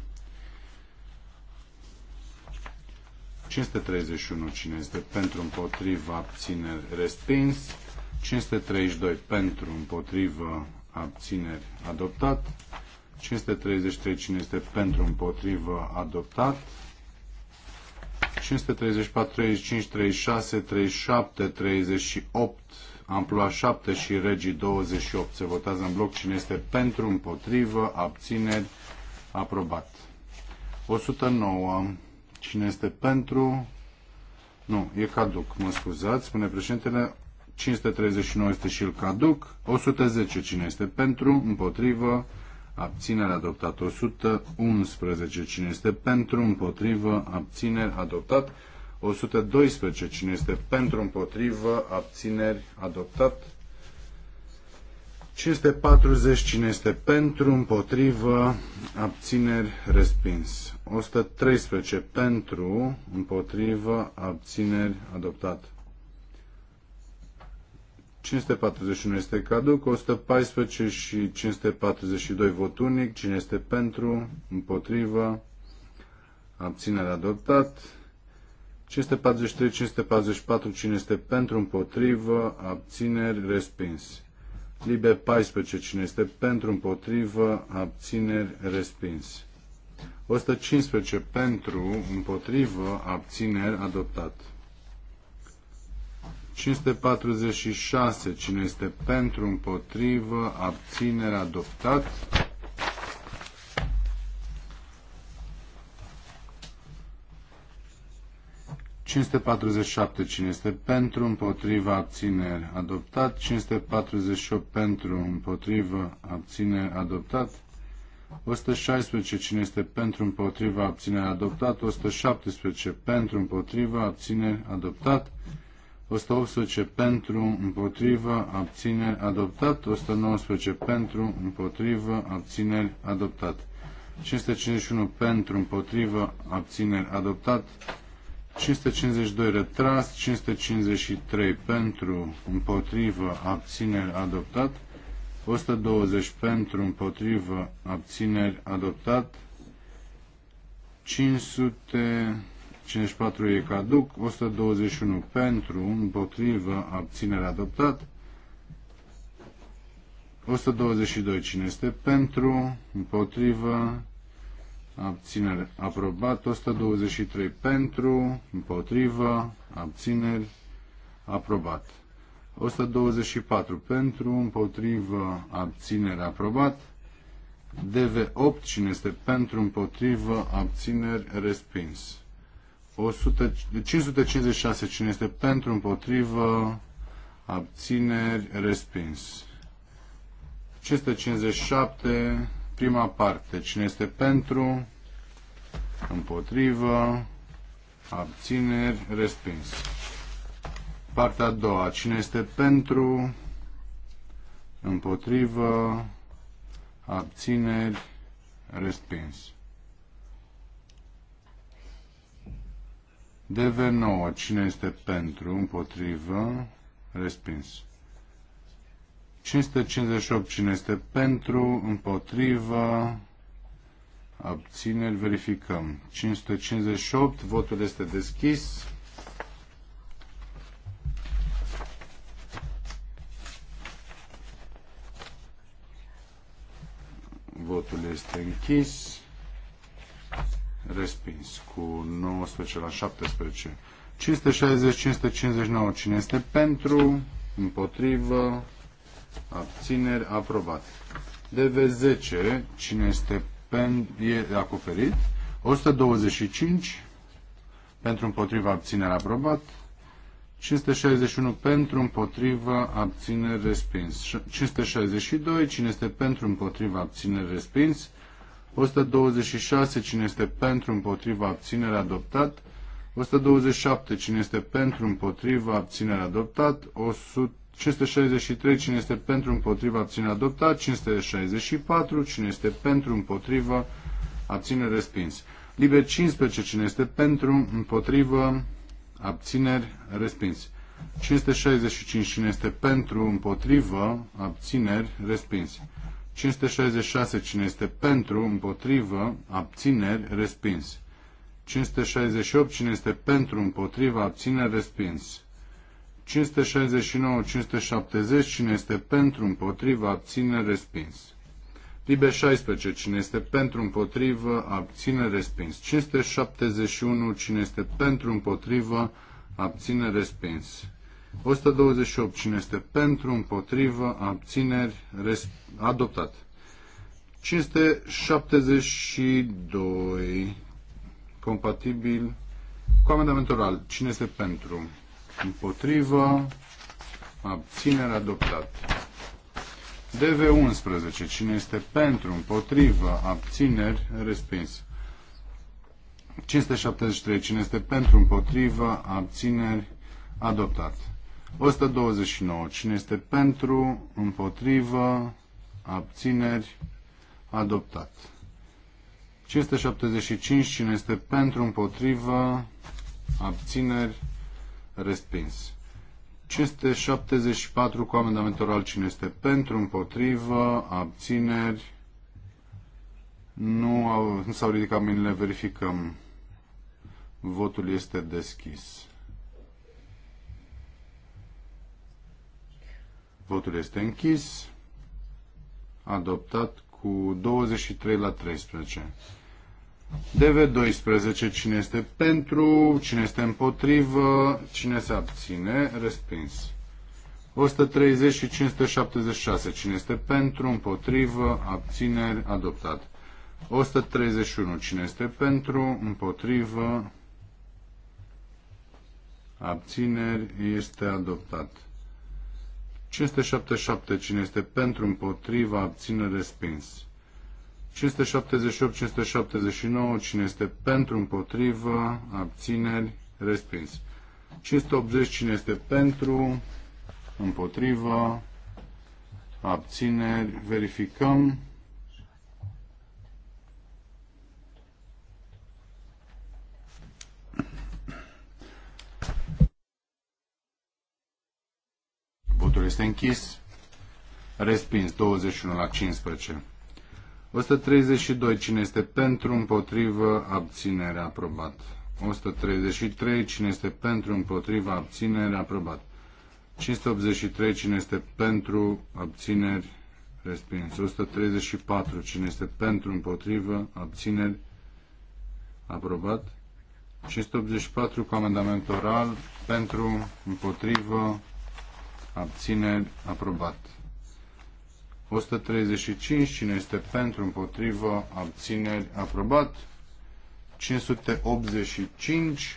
Speaker 3: 531. Cine este pentru, împotrivă, abțineri, respins. 532 pentru, împotrivă, abțineri, adoptat. 533 cine este pentru, împotrivă, adoptat. 534, 35, 36, 37, 38, amploa 7 și regii 28. Se votează în bloc cine este pentru, împotrivă, abțineri, aprobat. 109. Cine este pentru? Nu, e caduc, mă scuzați. Spune președintele 539 este și îl caduc. 110 cine este pentru, împotrivă, abținere adoptat. 111 cine este pentru, împotrivă, abțineri adoptat. 112 cine este pentru, împotrivă, abțineri adoptat. 540 cine este pentru, împotrivă, abțineri, respins. 113 pentru, împotrivă, abțineri, adoptat. 541 este caduc, 114 și 542 vot unic, cine este pentru, împotrivă, abținere adoptat, 543, 544, cine este pentru, împotrivă, abțineri, respins. Libe 14, cine este pentru, împotrivă, abțineri, respins. 115 pentru, împotrivă, abțineri, adoptat. 546. Cine este pentru, împotrivă, abținere, adoptat. Cinste 47. Cine este pentru, împotriva, abțineri, adoptat. 548 pentru, împotrivă, abțineri, adoptat. 116 cine este pentru împotriva abținere adoptat, 117 pentru împotriva abținere adoptat, 118 pentru, împotrivă, abțineri, adoptat. 119 pentru, împotrivă, abțineri, adoptat. 551 pentru, împotrivă, abțineri, adoptat. 552 retras, 553 pentru, împotrivă, abțineri, adoptat. 120 pentru, împotrivă, abțineri, adoptat. 500 54 e caduc, 121 pentru, împotrivă, abținere adoptat. 122 cine este pentru, împotrivă, abținere aprobat. 123 pentru, împotrivă, abțineri aprobat. 124 pentru, împotrivă, abținere aprobat. DV8 cine este pentru, împotrivă, abțineri respins. 556 cine este pentru, împotrivă, abțineri, respins. 557, prima parte, cine este pentru, împotrivă, abțineri, respins. Partea a doua, cine este pentru, împotrivă, abțineri, respins. DV9. Cine este pentru? Împotrivă? Respins. 558. Cine este pentru? Împotrivă? Abțineri. Verificăm. 558. Votul este deschis. Votul este închis respins cu 19 la 17. 560, 559. Cine este pentru? Împotrivă? Abțineri? Aprobat. DV10. Cine este pentru? E acoperit. 125. Pentru împotrivă abțineri, aprobat. 561 pentru, împotrivă, abțineri, respins. 562, cine este pentru, împotrivă, abțineri, respins. 126 cine este pentru, împotriva, abținere adoptat. 127 cine este pentru, împotriva, abținere adoptat. 163 563 cine este pentru, împotriva, abținere adoptat. 564 cine este pentru, împotriva, abținere respins. Liber 15 cine este pentru, împotriva, abțineri respins. 565 cine este pentru, împotriva abțineri, respins. 566 cine este pentru, împotrivă, abțineri, respins. 568 cine este pentru, împotrivă, abțineri, respins. 569, 570 cine este pentru, împotrivă, abțineri, respins. Libe 16 cine este pentru, împotrivă, abțineri, respins. 571 cine este pentru, împotrivă, abțineri, respins. 128. Cine este pentru, împotrivă, abțineri, adoptat. 572. Compatibil cu amendamentul oral. Cine este pentru? Împotrivă, abțineri, adoptat. DV11. Cine este pentru, împotrivă, abțineri, respins. 573. Cine este pentru, împotrivă, abțineri, adoptat. 129. Cine este pentru, împotrivă, abțineri, adoptat. 575. Cine este pentru, împotrivă, abțineri, respins. 574 cu amendament oral. Cine este pentru, împotrivă, abțineri, nu, au, nu s-au ridicat mâinile, verificăm. Votul este deschis. Votul este închis. Adoptat cu 23 la 13. DV12, cine este pentru, cine este împotrivă, cine se abține, respins. 130 și 576, cine este pentru, împotrivă, abțineri, adoptat. 131, cine este pentru, împotrivă, abțineri, este adoptat. 577. Cine este pentru, împotriva, abține, respins. 578, 579, cine este pentru, împotriva, abțineri, respins. 580, cine este pentru, împotriva, abțineri, verificăm. este închis. Respins 21 la 15. 132. Cine este pentru, împotrivă, abținere, aprobat. 133. Cine este pentru, împotrivă, abținere, aprobat. 583. Cine este pentru, abțineri, respins. 134. Cine este pentru, împotrivă, abțineri, aprobat. 584 cu amendament oral pentru, împotrivă, abțineri, aprobat. 135, cine este pentru, împotrivă, abțineri, aprobat. 585,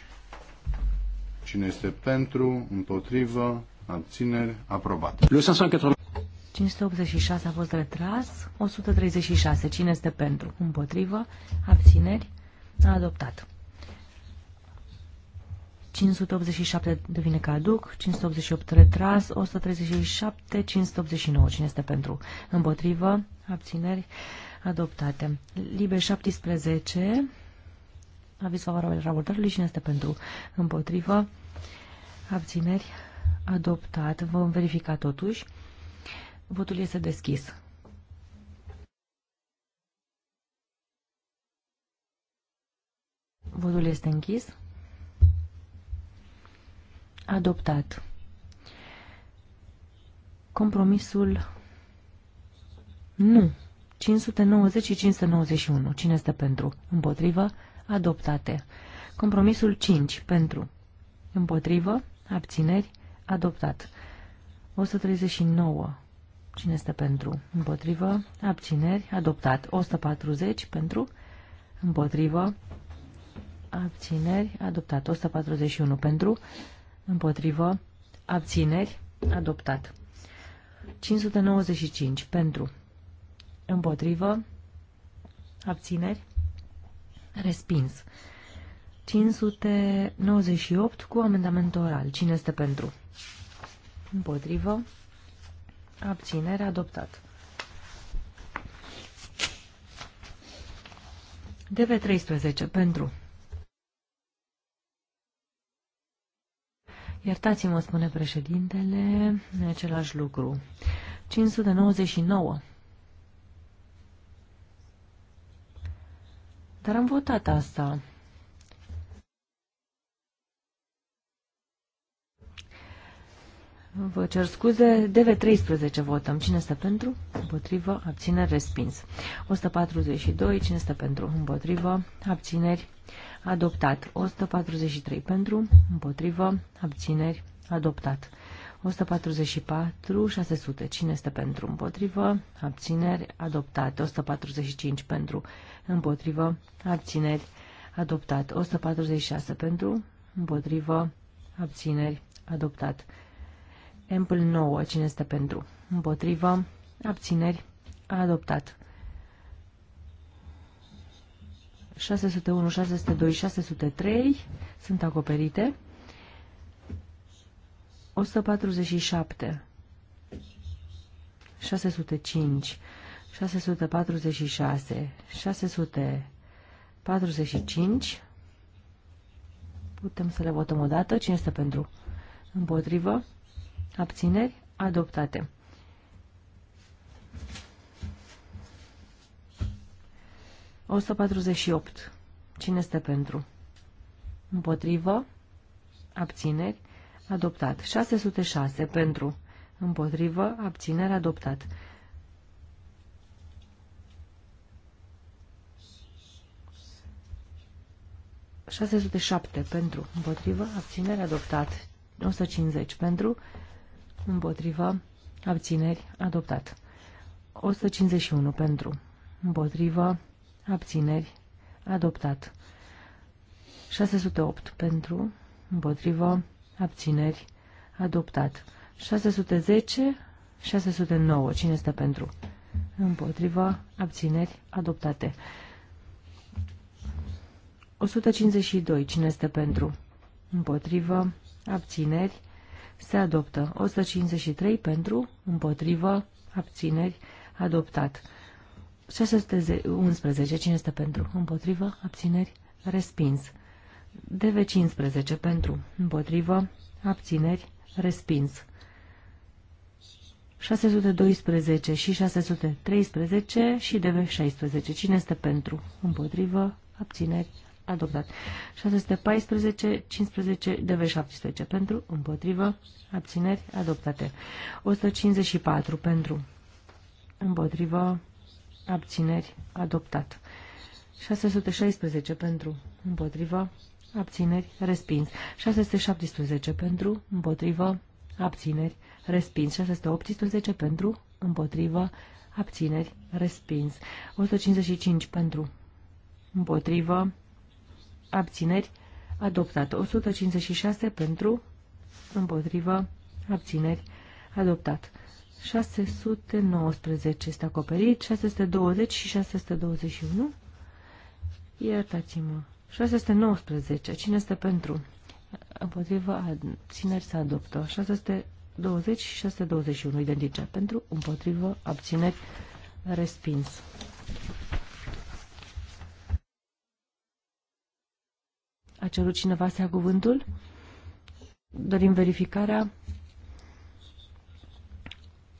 Speaker 3: cine este pentru, împotrivă, abțineri, aprobat.
Speaker 2: 586 a fost retras, 136, cine este pentru, împotrivă, abțineri, a adoptat. 587 devine caduc, 588 retras, 137, 589. Cine este pentru? Împotrivă, abțineri, adoptate. Libe 17, aviz favorabil raportorului. Cine este pentru? Împotrivă, abțineri, adoptat. Vom verifica totuși. Votul este deschis. Votul este închis adoptat. Compromisul nu. 590 și 591. Cine este pentru? Împotrivă? Adoptate. Compromisul 5. Pentru. Împotrivă? Abțineri? Adoptat. 139. Cine este pentru? Împotrivă? Abțineri? Adoptat. 140. Pentru? Împotrivă? Abțineri? Adoptat. 141. Pentru? Împotrivă. Abțineri. Adoptat. 595. Pentru. Împotrivă. Abțineri. Respins. 598 cu amendament oral. Cine este pentru? Împotrivă. Abținere. Adoptat. DV13. Pentru. Iertați-mă, spune președintele, același lucru. 599. Dar am votat asta. Vă cer scuze, DV13 votăm. Cine este pentru? Împotrivă, abțineri, respins. 142, cine este pentru? Împotrivă, abțineri, respins adoptat. 143 pentru, împotrivă, abțineri, adoptat. 144, 600. Cine este pentru? Împotrivă. Abțineri. Adoptat. 145 pentru. Împotrivă. Abțineri. Adoptat. 146 pentru. Împotrivă. Abțineri. Adoptat. Ample 9. Cine este pentru? Împotrivă. Abțineri. Adoptat. 601, 602, 603 sunt acoperite. 147, 605, 646, 645. Putem să le votăm o dată. Cine este pentru? Împotrivă? Abțineri? Adoptate. 148. Cine este pentru? Împotrivă? Abțineri? Adoptat. 606. Pentru? Împotrivă? Abțineri? Adoptat. 607 pentru, împotrivă, abțineri, adoptat. 150 pentru, împotrivă, abțineri, adoptat. 151 pentru, împotrivă, abțineri, adoptat. 608 pentru, împotrivă, abțineri, adoptat. 610, 609, cine este pentru? Împotrivă, abțineri, adoptate. 152, cine este pentru? Împotrivă, abțineri, se adoptă. 153 pentru, împotrivă, abțineri, adoptat. 611. Cine este pentru? Împotrivă? Abțineri? Respins. DV15 pentru. Împotrivă? Abțineri? Respins. 612 și 613 și DV16. Cine este pentru? Împotrivă? Abțineri? Adoptat. 614, 15, DV17 pentru, împotrivă, abțineri, adoptate. 154 pentru, împotrivă, abțineri, adoptat. 616 pentru, împotriva, abțineri, respins. 617 pentru, împotriva, abțineri, respins. 618 pentru, împotriva, abțineri, respins. 155 pentru, împotriva, abțineri, adoptat. 156 pentru, împotriva, abțineri, adoptat. 619 este acoperit, 620 și 621. Iertați-mă. 619. Cine este pentru? Împotriva abțineri se adoptă. 620 și 621 identice. Pentru, împotrivă, abțineri, respins. A cerut cineva să ia cuvântul? Dorim verificarea 620-621.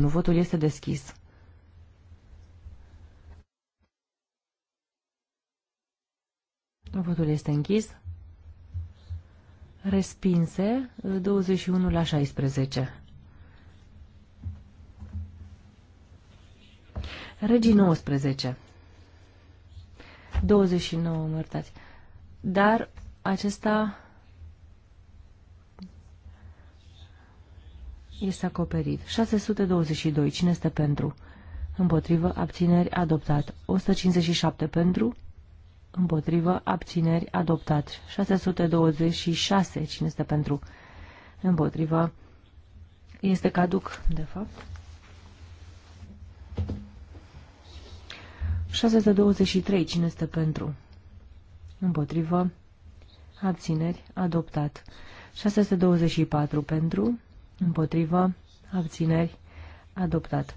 Speaker 2: Votul este deschis. Votul este închis. Respinse 21 la 16. Regii 19. 29, mărtați. Dar acesta este acoperit. 622. Cine este pentru? Împotrivă, abțineri, adoptat. 157 pentru, împotrivă, abțineri, adoptat. 626. Cine este pentru? Împotrivă, este caduc, de fapt. 623. Cine este pentru? Împotrivă, abțineri, adoptat. 624 pentru, împotrivă, abțineri, adoptat.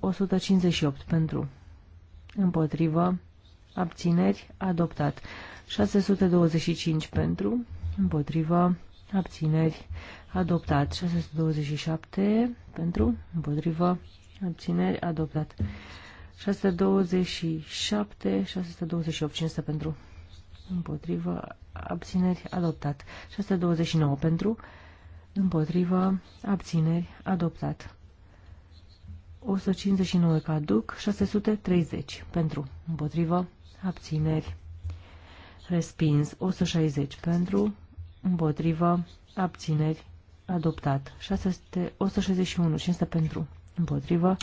Speaker 2: 158 pentru, împotrivă, abțineri, adoptat. 625 pentru, împotrivă, abțineri, adoptat. 627 pentru, împotrivă, abțineri, adoptat. 627, 628, 500 pentru, împotrivă, abțineri, adoptat. 629 pentru, împotrivă, abțineri, adoptat. 159 caduc, 630 pentru, împotrivă, abțineri, respins. 160 pentru, împotrivă, abțineri, adoptat. 600, 161, 500 pentru, împotrivă,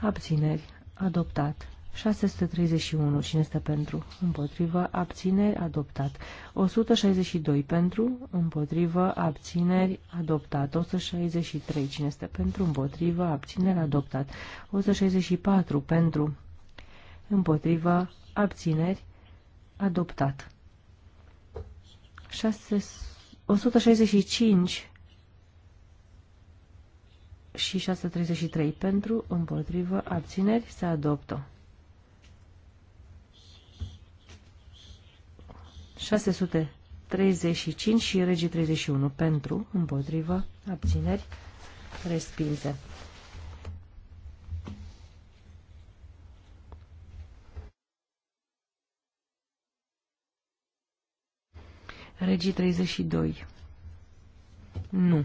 Speaker 2: abțineri, adoptat. 631. Cine este pentru? Împotrivă. Abțineri. Adoptat. 162. Pentru. Împotrivă. Abțineri. Adoptat. 163. Cine este pentru? Împotrivă. Abțineri. Adoptat. 164. Pentru. Împotrivă. Abțineri. Adoptat. 6... 165 și 633 pentru, împotrivă, abțineri, se adoptă. 635 și regii 31 pentru, împotrivă, abțineri, respinse. Regii 32. Nu.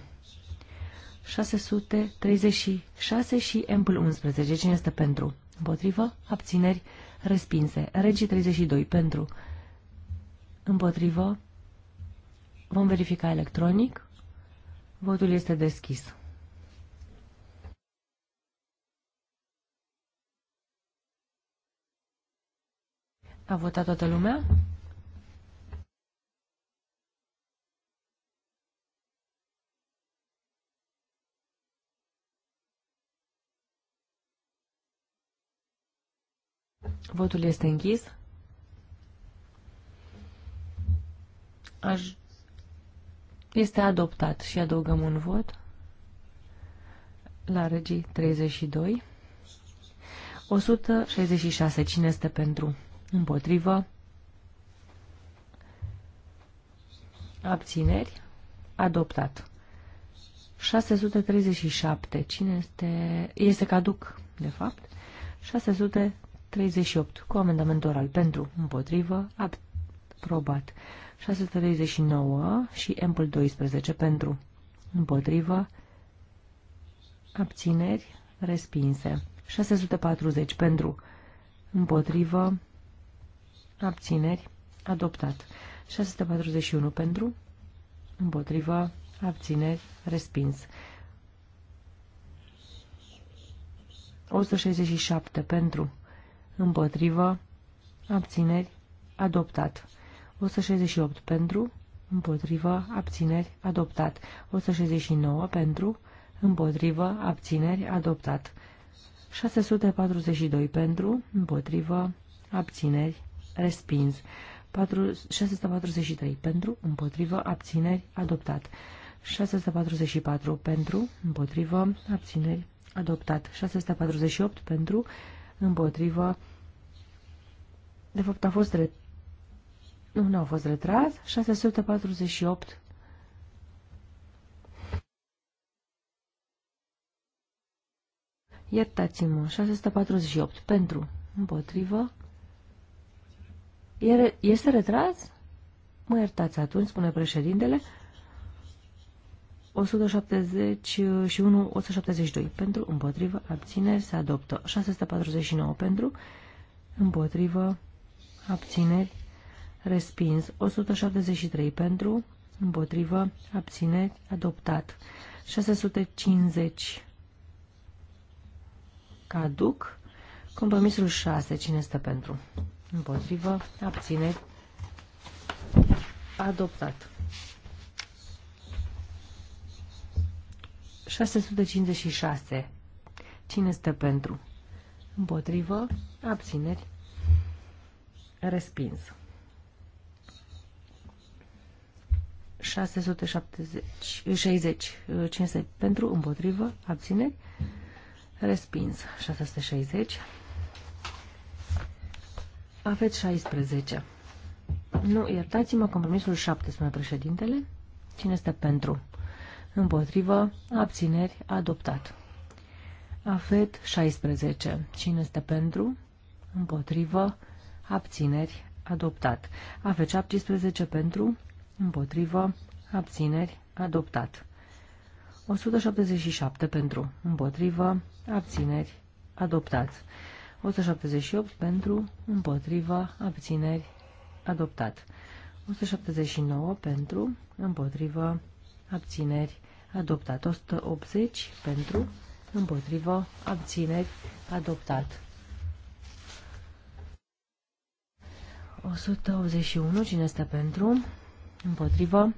Speaker 2: 636 și empul 11. Cine este pentru? Împotrivă? Abțineri? Respinse. Regii 32. Pentru. Împotrivă. Vom verifica electronic. Votul este deschis. A votat toată lumea? Votul este închis. Aș... Este adoptat și adăugăm un vot la regii 32. 166. Cine este pentru? Împotrivă? Abțineri? Adoptat. 637. Cine este... Este caduc, de fapt. 638. Cu amendament oral pentru, împotrivă, abțineri probat. 639 și Ample 12 pentru împotrivă abțineri respinse. 640 pentru împotrivă abțineri adoptat. 641 pentru împotrivă abțineri respins. 167 pentru împotrivă abțineri adoptat. 168 pentru, împotrivă, abțineri, adoptat. 169 pentru, împotrivă, abțineri, adoptat. 642 pentru, împotrivă, abțineri, respins. 4, 643 pentru, împotrivă, abțineri, adoptat. 644 pentru, împotrivă, abțineri, adoptat. 648 pentru, împotrivă, de fapt a fost nu, nu a fost retras. 648. Iertați-mă, 648 pentru, împotrivă. Este retras? Mă iertați atunci, spune președintele. 171, 172 pentru, împotrivă, abțineri, se adoptă. 649 pentru, împotrivă, abțineri, respins. 173 pentru, împotrivă, abțineri, adoptat. 650 caduc. Compromisul 6, cine stă pentru? Împotrivă, abțineri, adoptat. 656. Cine stă pentru? Împotrivă, abțineri, respins. 660. 50, pentru? Împotrivă? Abțineri? Respins. 660. Aveți 16. Nu, iertați-mă, compromisul 7, spune președintele. Cine este pentru? Împotrivă, abțineri, adoptat. Afet 16. Cine este pentru? Împotrivă, abțineri, adoptat. Afet 17 pentru, împotrivă, abțineri, adoptat. 177 pentru, împotrivă, abțineri, adoptat. 178 pentru, împotrivă, abțineri, adoptat. 179 pentru, împotrivă, abțineri, adoptat. 180 pentru, împotrivă, abțineri, adoptat. 181, cine este pentru? Împotrivă.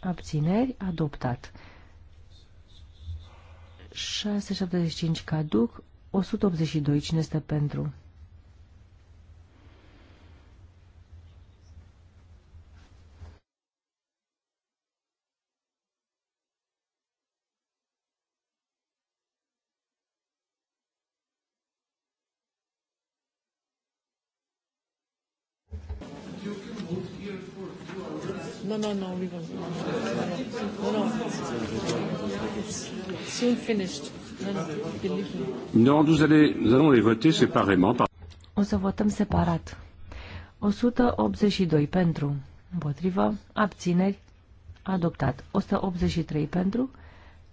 Speaker 2: Abțineri. Adoptat. 675 caduc. 182. Cine este pentru?
Speaker 3: no, no, we won't. No, no. no,
Speaker 1: Soon finished. No, no, believe me.
Speaker 3: Non, nous, allez, nous allons les voter séparément.
Speaker 2: O să votăm separat. 182 pentru, împotrivă, abțineri, adoptat. 183 pentru,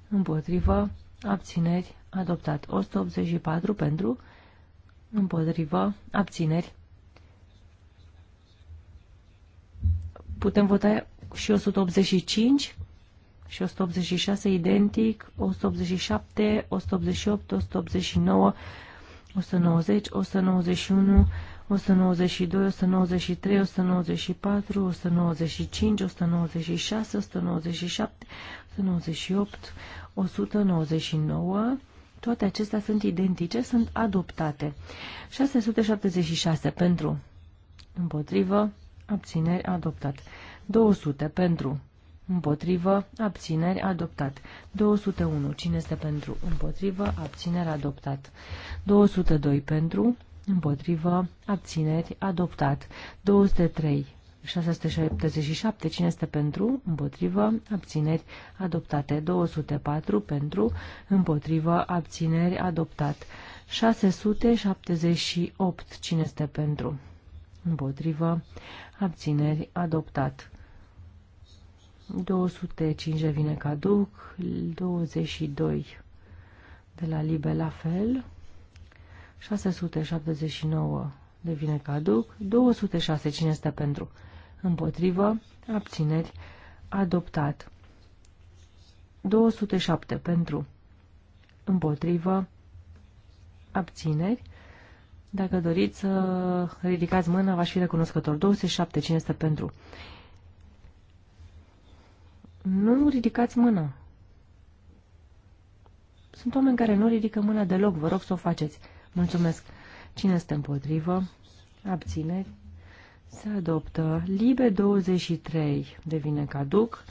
Speaker 2: împotrivă, abțineri, adoptat. 184 pentru, împotrivă, abțineri, putem vota și 185 și 186 identic, 187, 188, 189, 190, 191, 192, 193, 194, 195, 196, 197, 198, 199. Toate acestea sunt identice, sunt adoptate. 676 pentru, împotrivă, abțineri, adoptat. 200 pentru, împotrivă, abțineri, adoptat. 201. Cine este pentru, împotrivă, abțineri, adoptat. 202 pentru, împotrivă, abțineri, adoptat. 203. 677. Cine este pentru? Împotrivă. Abțineri. Adoptate. 204. Pentru. Împotrivă. Abțineri. Adoptat. 678. Cine este pentru? Împotrivă. Abțineri. Adoptat. 205 vine caduc, 22 de la Libe la fel, 679 devine caduc, 206 cine este pentru, împotrivă, abțineri, adoptat, 207 pentru, împotrivă, abțineri, dacă doriți să ridicați mâna, v-aș fi recunoscător. 207, cine este pentru? Nu ridicați mâna. Sunt oameni care nu ridică mâna deloc. Vă rog să o faceți. Mulțumesc. Cine este împotrivă? Abțineri. Se adoptă. Libe 23 devine caduc.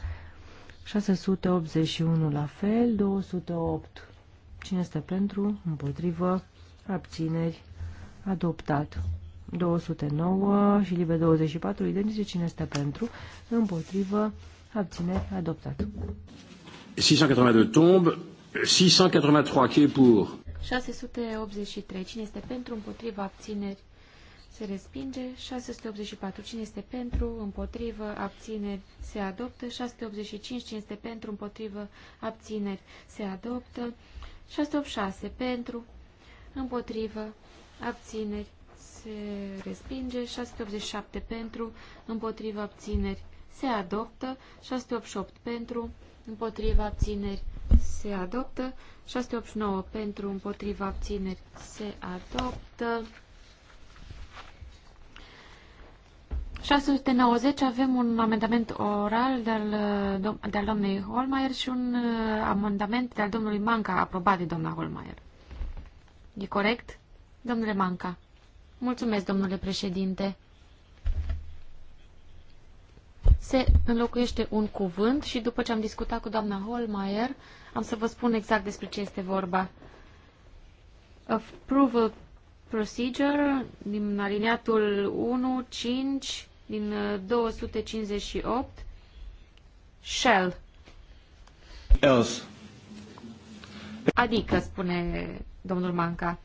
Speaker 2: 681 la fel. 208. Cine este pentru? Împotrivă. Abțineri. Adoptat. 209 și libe 24 identice. Cine este pentru?
Speaker 1: Împotrivă. Abțineri. Adoptat. 682 tombe. 683 qui est pour. 683. Cine este pentru? Împotriva. Abțineri. Se respinge. 684. Cine este pentru? Împotrivă. Abțineri. Se adoptă. 685. Cine este pentru? Împotrivă. Abțineri. Se adoptă. 686. Pentru. Împotrivă. Abțineri. Se respinge. 687. Pentru. Împotrivă. Abțineri se adoptă, 688 pentru, împotriva abțineri se adoptă, 689 pentru, împotriva abțineri se adoptă. 690 avem un amendament oral de-al, de-al Holmeier și un uh, amendament de-al domnului Manca aprobat de doamna Holmeier. E corect? Domnule Manca. Mulțumesc, domnule președinte se înlocuiește un cuvânt și după ce am discutat cu doamna Holmeier, am să vă spun exact despre ce este vorba. Approval procedure din aliniatul 1, 5, din 258, uh, shell. Else. Adică, spune domnul Manca,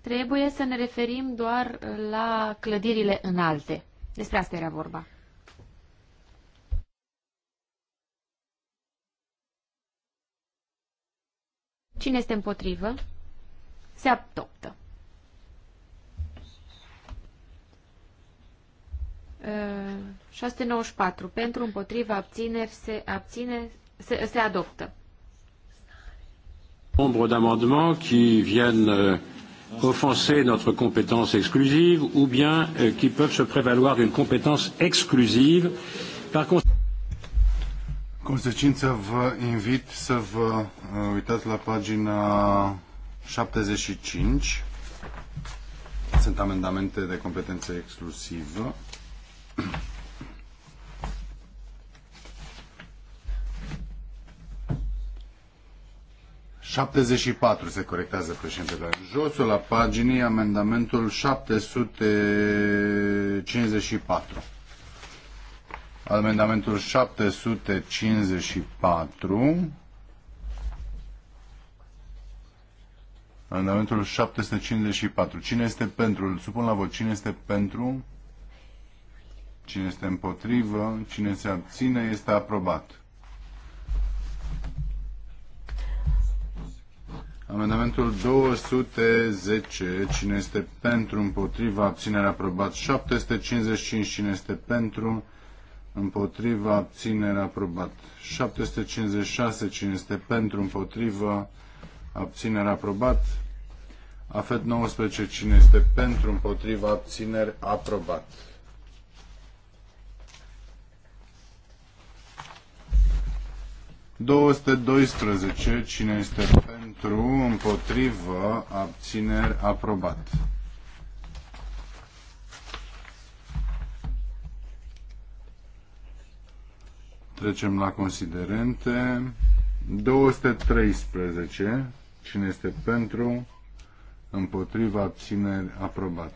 Speaker 1: trebuie să ne referim doar la clădirile înalte. Despre asta era vorba. Cine este împotrivă? Se adoptă. Ă, uh, 694. Pentru, împotrivă, abține, se, abține, se, se adoptă.
Speaker 3: Nombre d'amendements qui viennent euh, offenser notre compétence exclusive ou bien euh, qui peuvent se prévaloir d'une compétence exclusive. Par contre, consecință vă invit să vă uh, uitați la pagina 75. Sunt amendamente de competență exclusivă. ...74 se corectează președintele. Josul la paginii, amendamentul 754. Amendamentul 754. Amendamentul 754. Cine este pentru? Îl supun la vot. Cine este pentru? Cine este împotrivă? Cine se abține? Este aprobat. Amendamentul 210. Cine este pentru? Împotrivă? Abținerea aprobat. 755. Cine este pentru? împotriva, abținere, aprobat. 756, cine este pentru, împotriva, abținere, aprobat. Afet 19, cine este pentru, împotriva, abțineri, aprobat. doisprezece cine este pentru, împotrivă, abțineri, aprobat. Trecem la considerente. 213. Cine este pentru? Împotriva abțineri aprobat.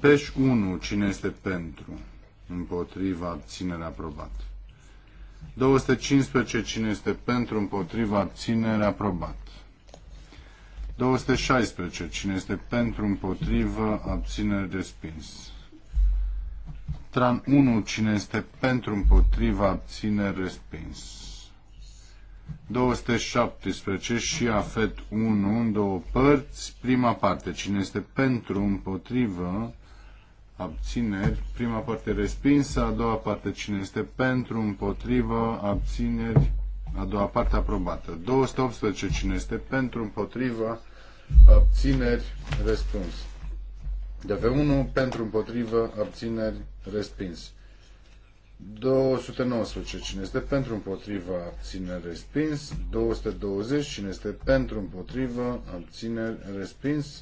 Speaker 3: Peș 1. Cine este pentru? Împotriva abțineri aprobat. 215. Cine este pentru? Împotriva abțineri aprobat. 216. Cine este pentru? împotriva abțineri respins. Tran 1, cine este pentru, împotriva, ține respins. 217 și Afet 1 în două părți. Prima parte, cine este pentru, împotrivă, abțineri. Prima parte respinsă, a doua parte, cine este pentru, împotrivă, abțineri. A doua parte aprobată. 218, cine este pentru, împotrivă, abțineri, răspuns. DV1 pentru împotrivă abțineri respins. 219 cine este pentru împotrivă abțineri respins. 220 cine este pentru împotrivă abțineri respins.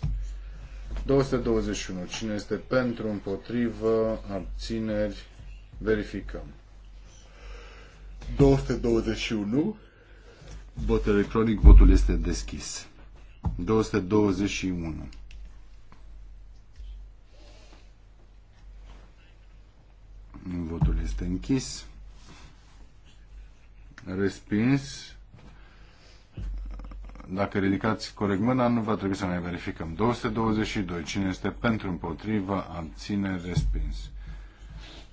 Speaker 3: 221 cine este pentru împotrivă abțineri verificăm. 221 Vot electronic, votul este deschis. 221 Votul este închis. Respins. Dacă ridicați corect mâna, nu va trebui să mai verificăm. 222. Cine este pentru, împotrivă, abține, respins.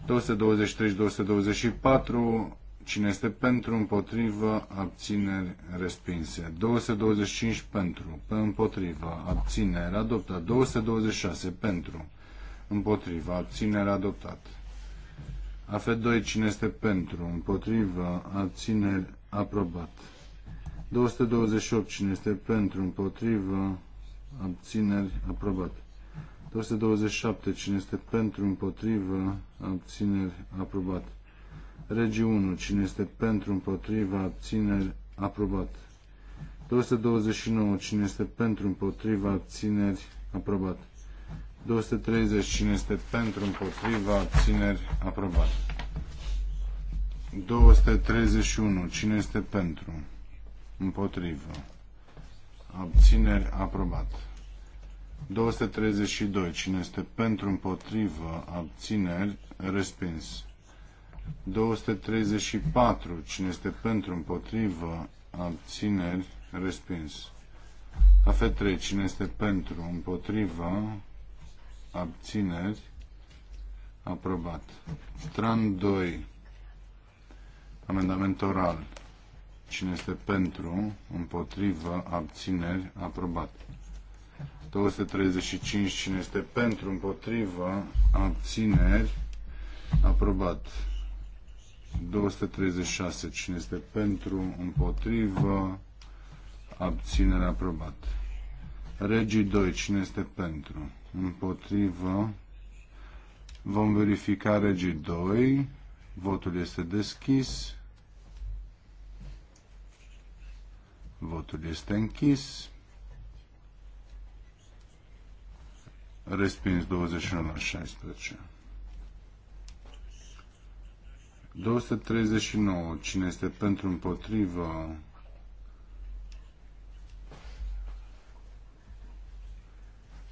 Speaker 3: 223 224 Cine este pentru, împotrivă, abține, respinse. 225 pentru, împotrivă, abține, adoptat. 226 pentru, împotrivă, abține, adoptat. AFET 2 cine este pentru, împotrivă, abțineri, aprobat. 228 cine este pentru, împotrivă, abțineri, aprobat. 227 cine este pentru, împotrivă, abțineri, aprobat. Regi 1 cine este pentru, împotrivă, abțineri, aprobat. 229 cine este pentru, împotrivă, abțineri, aprobat. 235 cine este pentru, împotriva, abțineri, aprobat. 231 cine este pentru, împotrivă, abțineri, aprobat. 232 cine este pentru, împotrivă, abțineri, respins. 234 cine este pentru, împotrivă, abțineri, respins. AF3 cine este pentru, împotriva, abțineri, aprobat. Tran 2, amendament oral. Cine este pentru, împotrivă, abțineri, aprobat. 235, cine este pentru, împotrivă, abțineri, aprobat. 236, cine este pentru, împotrivă, abținere, aprobat. Regii 2, cine este pentru? împotrivă. Vom verifica regii 2. Votul este deschis. Votul este închis. Respins 21 la 16. 239. Cine este pentru împotrivă?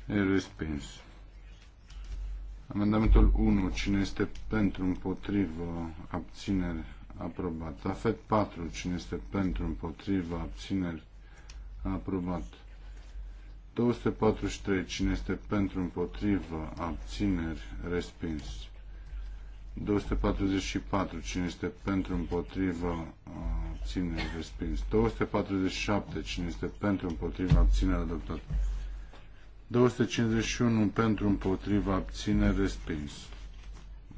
Speaker 3: E respins. Amendamentul 1. Cine este pentru, împotrivă, abțineri, aprobat. Afet 4. Cine este pentru, împotrivă, abțineri, aprobat. 243. Cine este pentru, împotrivă, abțineri, respins. 244. Cine este pentru, împotrivă, abțineri, respins. 247. Cine este pentru, împotrivă, abțineri, adoptat. 251 pentru împotriva abține respins.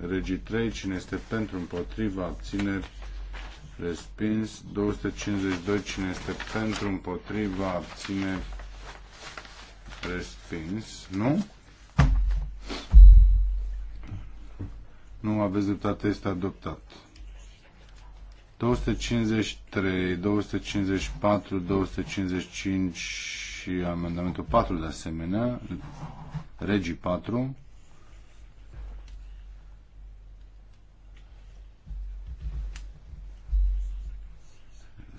Speaker 3: Regii 3, cine este pentru împotriva abțineri respins. 252, cine este pentru împotriva abțineri respins. Nu? Nu aveți dreptate, este adoptat. 253, 254, 255 și amendamentul 4 de asemenea, regii 4.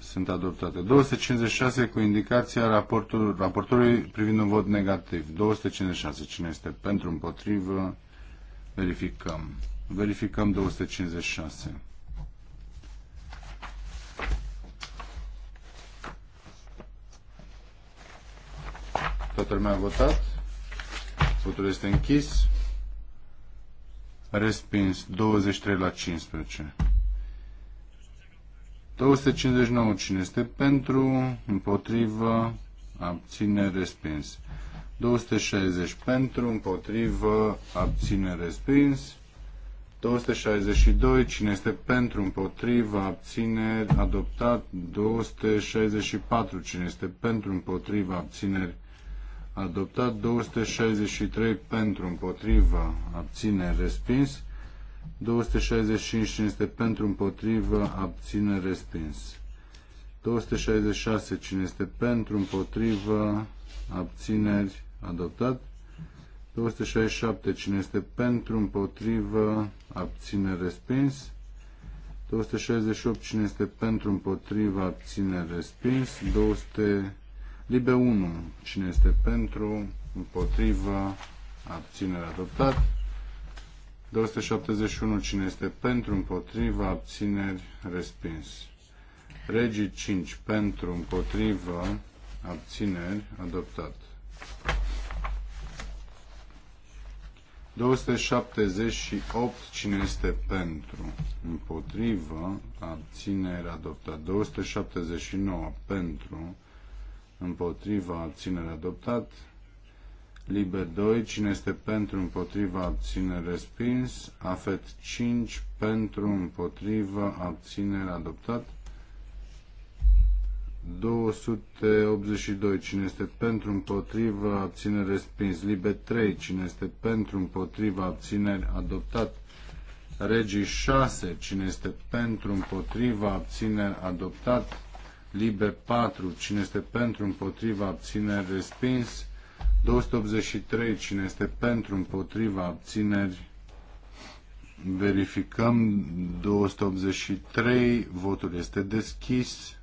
Speaker 3: Sunt adoptate. 256 cu indicația raportul, raportului privind un vot negativ. 256. Cine este pentru, împotrivă? Verificăm. Verificăm 256. Toată lumea a votat. Votul este închis. Respins 23 la 15. 259 cine este pentru, împotrivă, abține, respins. 260 pentru, împotrivă, abține, respins. 262, cine este pentru, împotriva, abține, adoptat. 264, cine este pentru, împotriva, abțineri, adoptat, 263 pentru, împotrivă, abține, respins, 265 cine este pentru, împotrivă, abține, respins. 266 cine este pentru, împotrivă, abțineri, adoptat. 267 cine este pentru, împotrivă, abține, respins. 268 cine este pentru, împotrivă, abține, respins. 200 Libe 1. Cine este pentru? Împotrivă? Abținere adoptat. 271. Cine este pentru? Împotrivă? Abțineri? Respins. Regii 5. Pentru? Împotrivă? Abțineri? Adoptat. 278, cine este pentru? Împotrivă, Abțineri adoptat. 279, pentru, împotriva, abținere adoptat. Liber 2, cine este pentru, împotriva, abținere respins. Afet 5, pentru, împotriva, abținere adoptat. 282, cine este pentru, împotriva, abținere respins. Liber 3, cine este pentru, împotriva, abținere adoptat. Regii 6, cine este pentru, împotriva, abțineri, adoptat. Libe 4, cine este pentru, împotriva, abțineri, respins. 283, cine este pentru, împotriva, abțineri, verificăm. 283, votul este deschis.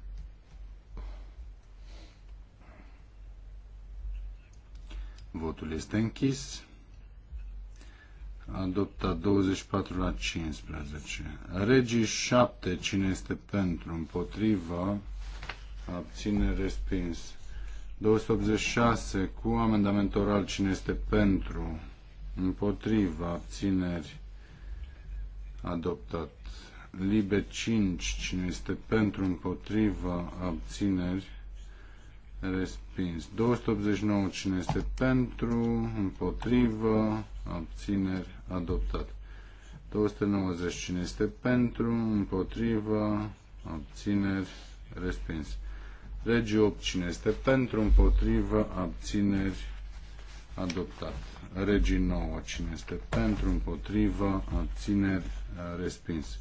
Speaker 3: Votul este închis. Adopta 24 la 15. Regii 7, cine este pentru, împotriva, abține, respins. 286 cu amendament oral. Cine este pentru? Împotriva, abțineri, adoptat. Libe 5. Cine este pentru, împotriva, abțineri, respins. 289. Cine este pentru, împotriva abțineri, adoptat. 290. Cine este pentru, împotriva abțineri, respins. Regi 8, cine este pentru, împotrivă, abțineri, adoptat. Regi 9, cine este pentru, împotrivă, abțineri, respins.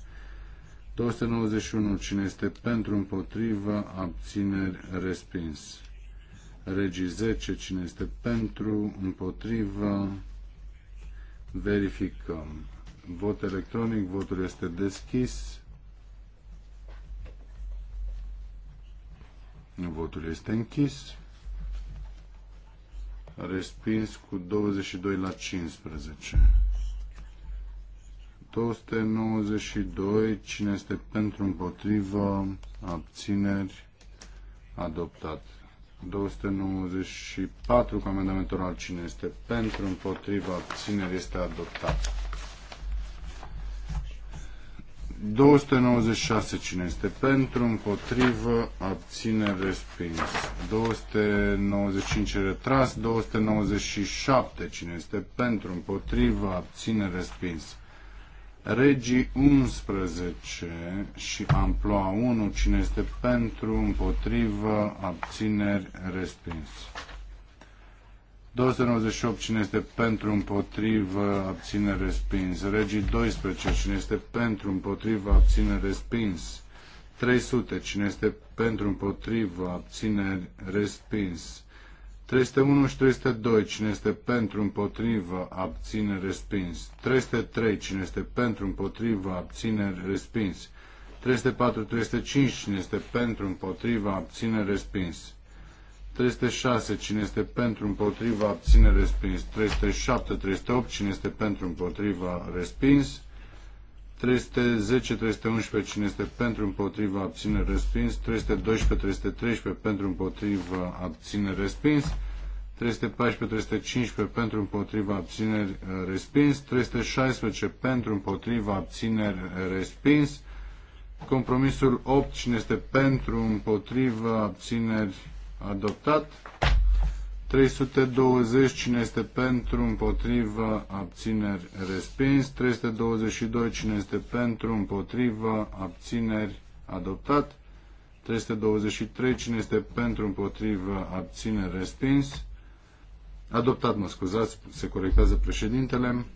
Speaker 3: 291, cine este pentru, împotrivă, abțineri, respins. Regi 10, cine este pentru, împotrivă, verificăm. Vot electronic, votul este deschis. Votul este închis. Respins cu 22 la 15. 292. Cine este pentru, împotrivă, abțineri, adoptat. 294 cu amendamentul al cine este pentru, împotriva, abțineri, este adoptat. 296 cine este pentru, împotrivă, abține, respins. 295 retras, 297 cine este pentru, împotrivă, abține, respins. Regii 11 și amploa 1, cine este pentru, împotrivă, abține respins. 298 cine este pentru, împotrivă, abține, respins. Regii 12 cine este pentru, împotrivă, abține, respins. 300 cine este pentru, împotrivă, abține, respins. 301 și 302 cine este pentru, împotrivă, abține, respins. 303 cine este pentru, împotrivă, abține, respins. 304, 305 cine este pentru, împotrivă, abține, respins. 306, cine este pentru, împotriva, abține, respins. 307, 308, cine este pentru, împotriva, respins. 310, 311, cine este pentru, împotriva, abține, respins. 312, 313, pentru, împotriva, abține, respins. 314, 315 pentru împotriva abțineri respins, 316 pentru împotriva abțineri respins, compromisul 8 cine este pentru împotriva abțineri adoptat. 320, cine este pentru, împotrivă, abțineri, respins. 322, cine este pentru, împotrivă, abțineri, adoptat. 323, cine este pentru, împotrivă, abțineri, respins. Adoptat, mă scuzați, se corectează președintele.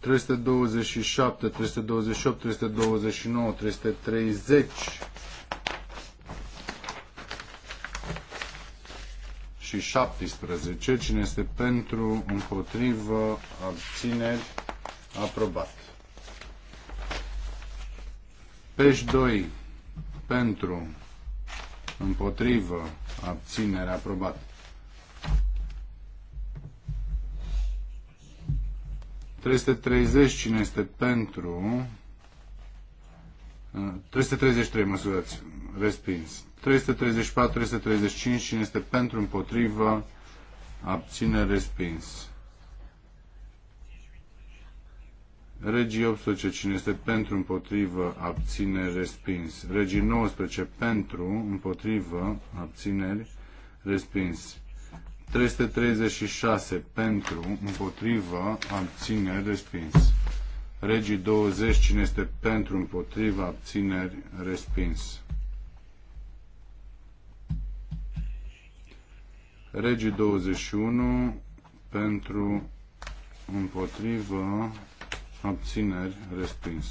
Speaker 3: 327, 328, 329, 330 și 17. Cine este pentru, împotrivă, abțineri, aprobat. Peș 2, pentru, împotrivă, abținere, aprobat. 330, cine este pentru? 333, mă scuzați, respins. 334, 335, cine este pentru, împotrivă, abține, respins. Regii 18, cine este pentru, împotrivă, abține, respins. Regii 19, pentru, împotrivă, abțineri, respins. 336 pentru, împotrivă, abțineri, respins. Regii 20, cine este pentru, împotrivă, abțineri, respins. Regii 21 pentru, împotrivă, abțineri, respins.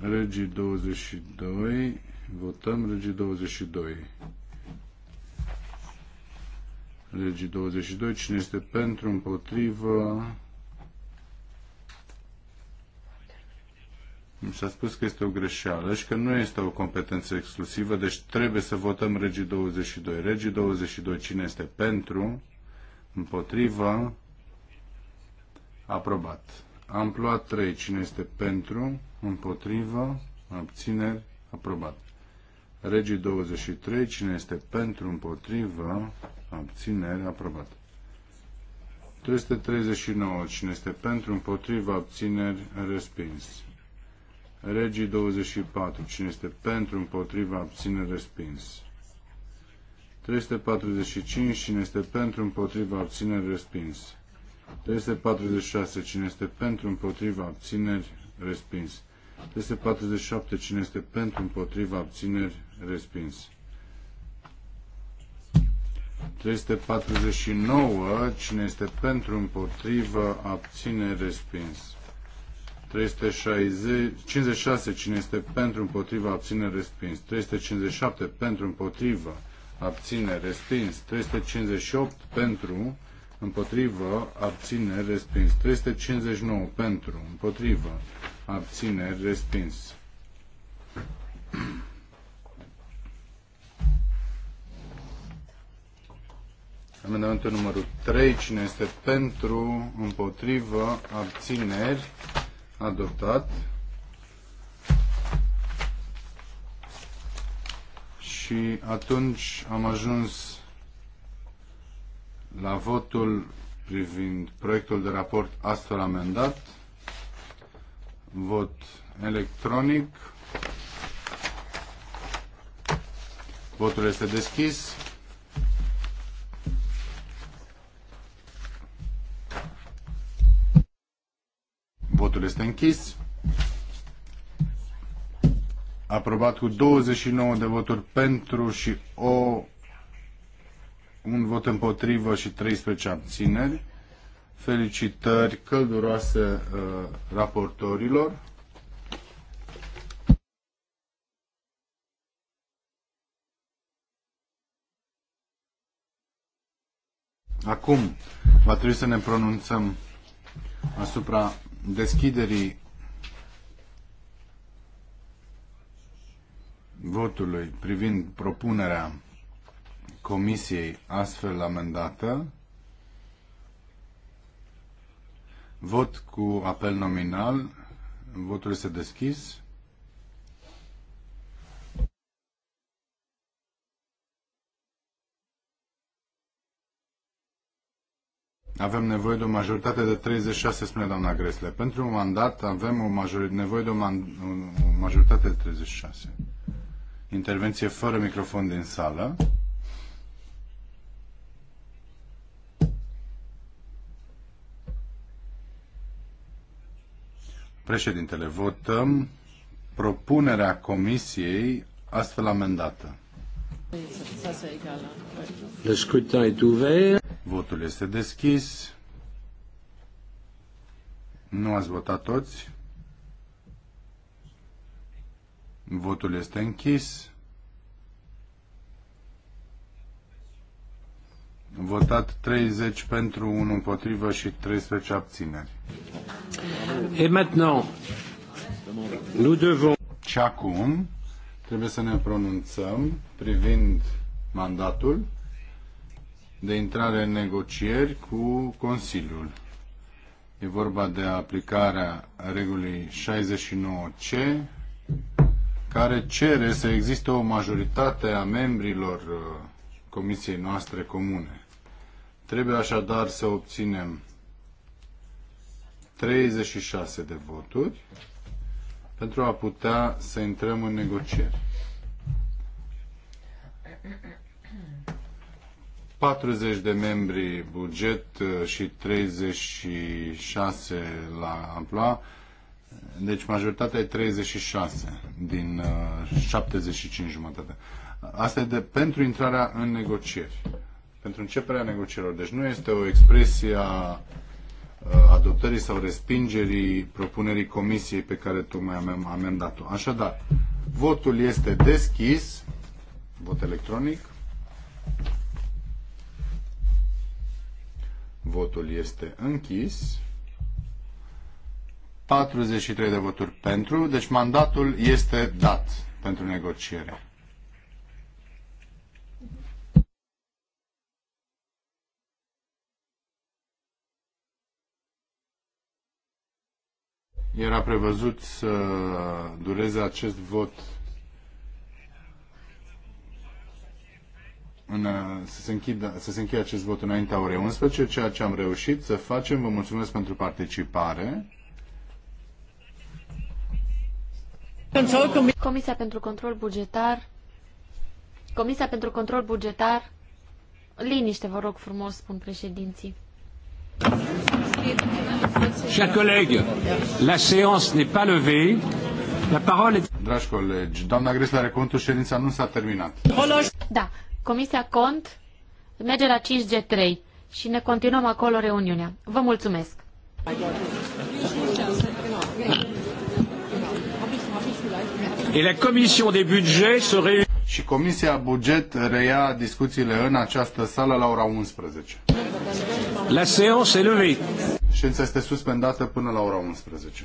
Speaker 3: Regii 22, votăm regii 22 legii 22. Cine este pentru, împotrivă? Mi s-a spus că este o greșeală și că nu este o competență exclusivă, deci trebuie să votăm Regii 22. Regii 22. Cine este pentru, împotrivă? Aprobat. Am 3. Cine este pentru, împotrivă, abțineri, aprobat. Regii 23, cine este pentru, împotrivă, abținere, aprobat. 339, cine este pentru, împotrivă, abțineri, respins. Regii 24, cine este pentru, împotrivă, abțineri, respins. 345, cine este pentru, împotrivă, abțineri, respins. 346, cine este pentru, împotrivă, abțineri, respins. 347, cine este pentru, împotrivă, abțineri, respins. 349, cine este pentru, împotrivă, abține, respins. 360, 56, cine este pentru, împotrivă, abține, respins. 357, pentru, împotrivă, abține, respins. 358, pentru, împotrivă, abține, respins. 359, pentru, împotrivă, abține, respins. Amendamentul numărul 3. Cine este pentru, împotrivă, abțineri, adoptat. Și atunci am ajuns la votul privind proiectul de raport astfel amendat. Vot electronic. Votul este deschis. este închis. Aprobat cu 29 de voturi pentru și o, un vot împotrivă și 13 abțineri. Felicitări călduroase uh, raportorilor. Acum va trebui să ne pronunțăm asupra deschiderii votului privind propunerea comisiei astfel amendată. Vot cu apel nominal. Votul este deschis. Avem nevoie de o majoritate de 36, spune doamna Gresle. Pentru un mandat avem o major... nevoie de o, man... o majoritate de 36. Intervenție fără microfon din sală. Președintele, votăm propunerea comisiei astfel amendată. Le scrutin est ouvert. Votul este deschis. Nu ați votat toți. Votul este închis. Votat 30 pentru, 1 împotrivă și 13 abțineri. Et maintenant, nous devons... Și acum trebuie să ne pronunțăm privind mandatul de intrare în negocieri cu Consiliul. E vorba de aplicarea regulii 69C, care cere să existe o majoritate a membrilor uh, Comisiei noastre comune. Trebuie așadar să obținem 36 de voturi pentru a putea să intrăm în negocieri. 40 de membri buget uh, și 36 la amploa, deci majoritatea e 36 din 75 uh, jumătate. Asta e de, pentru intrarea în negocieri, pentru începerea negocierilor. Deci nu este o expresie a uh, adoptării sau respingerii propunerii comisiei pe care tocmai am amendat-o. Așadar, votul este deschis, vot electronic. Votul este închis. 43 de voturi pentru, deci mandatul este dat pentru negociere. Era prevăzut să dureze acest vot în, uh, să, se închidă, să se încheie acest vot înaintea orei 11, ceea ce am reușit să facem. Vă mulțumesc pentru participare.
Speaker 1: Comisia pentru control bugetar. Comisia pentru control bugetar. Liniște, vă rog frumos, spun președinții.
Speaker 3: Chers collègues, la séance n'est pas levée. La parole est... Dragi colegi, doamna Grisla, recontul ședința nu s-a terminat.
Speaker 1: Da, Comisia Cont merge la 5G3 și ne continuăm acolo reuniunea. Vă mulțumesc!
Speaker 3: la se Și Comisia Buget reia discuțiile în această sală la ora 11. La séance est levée. Ședința este suspendată până la ora 11.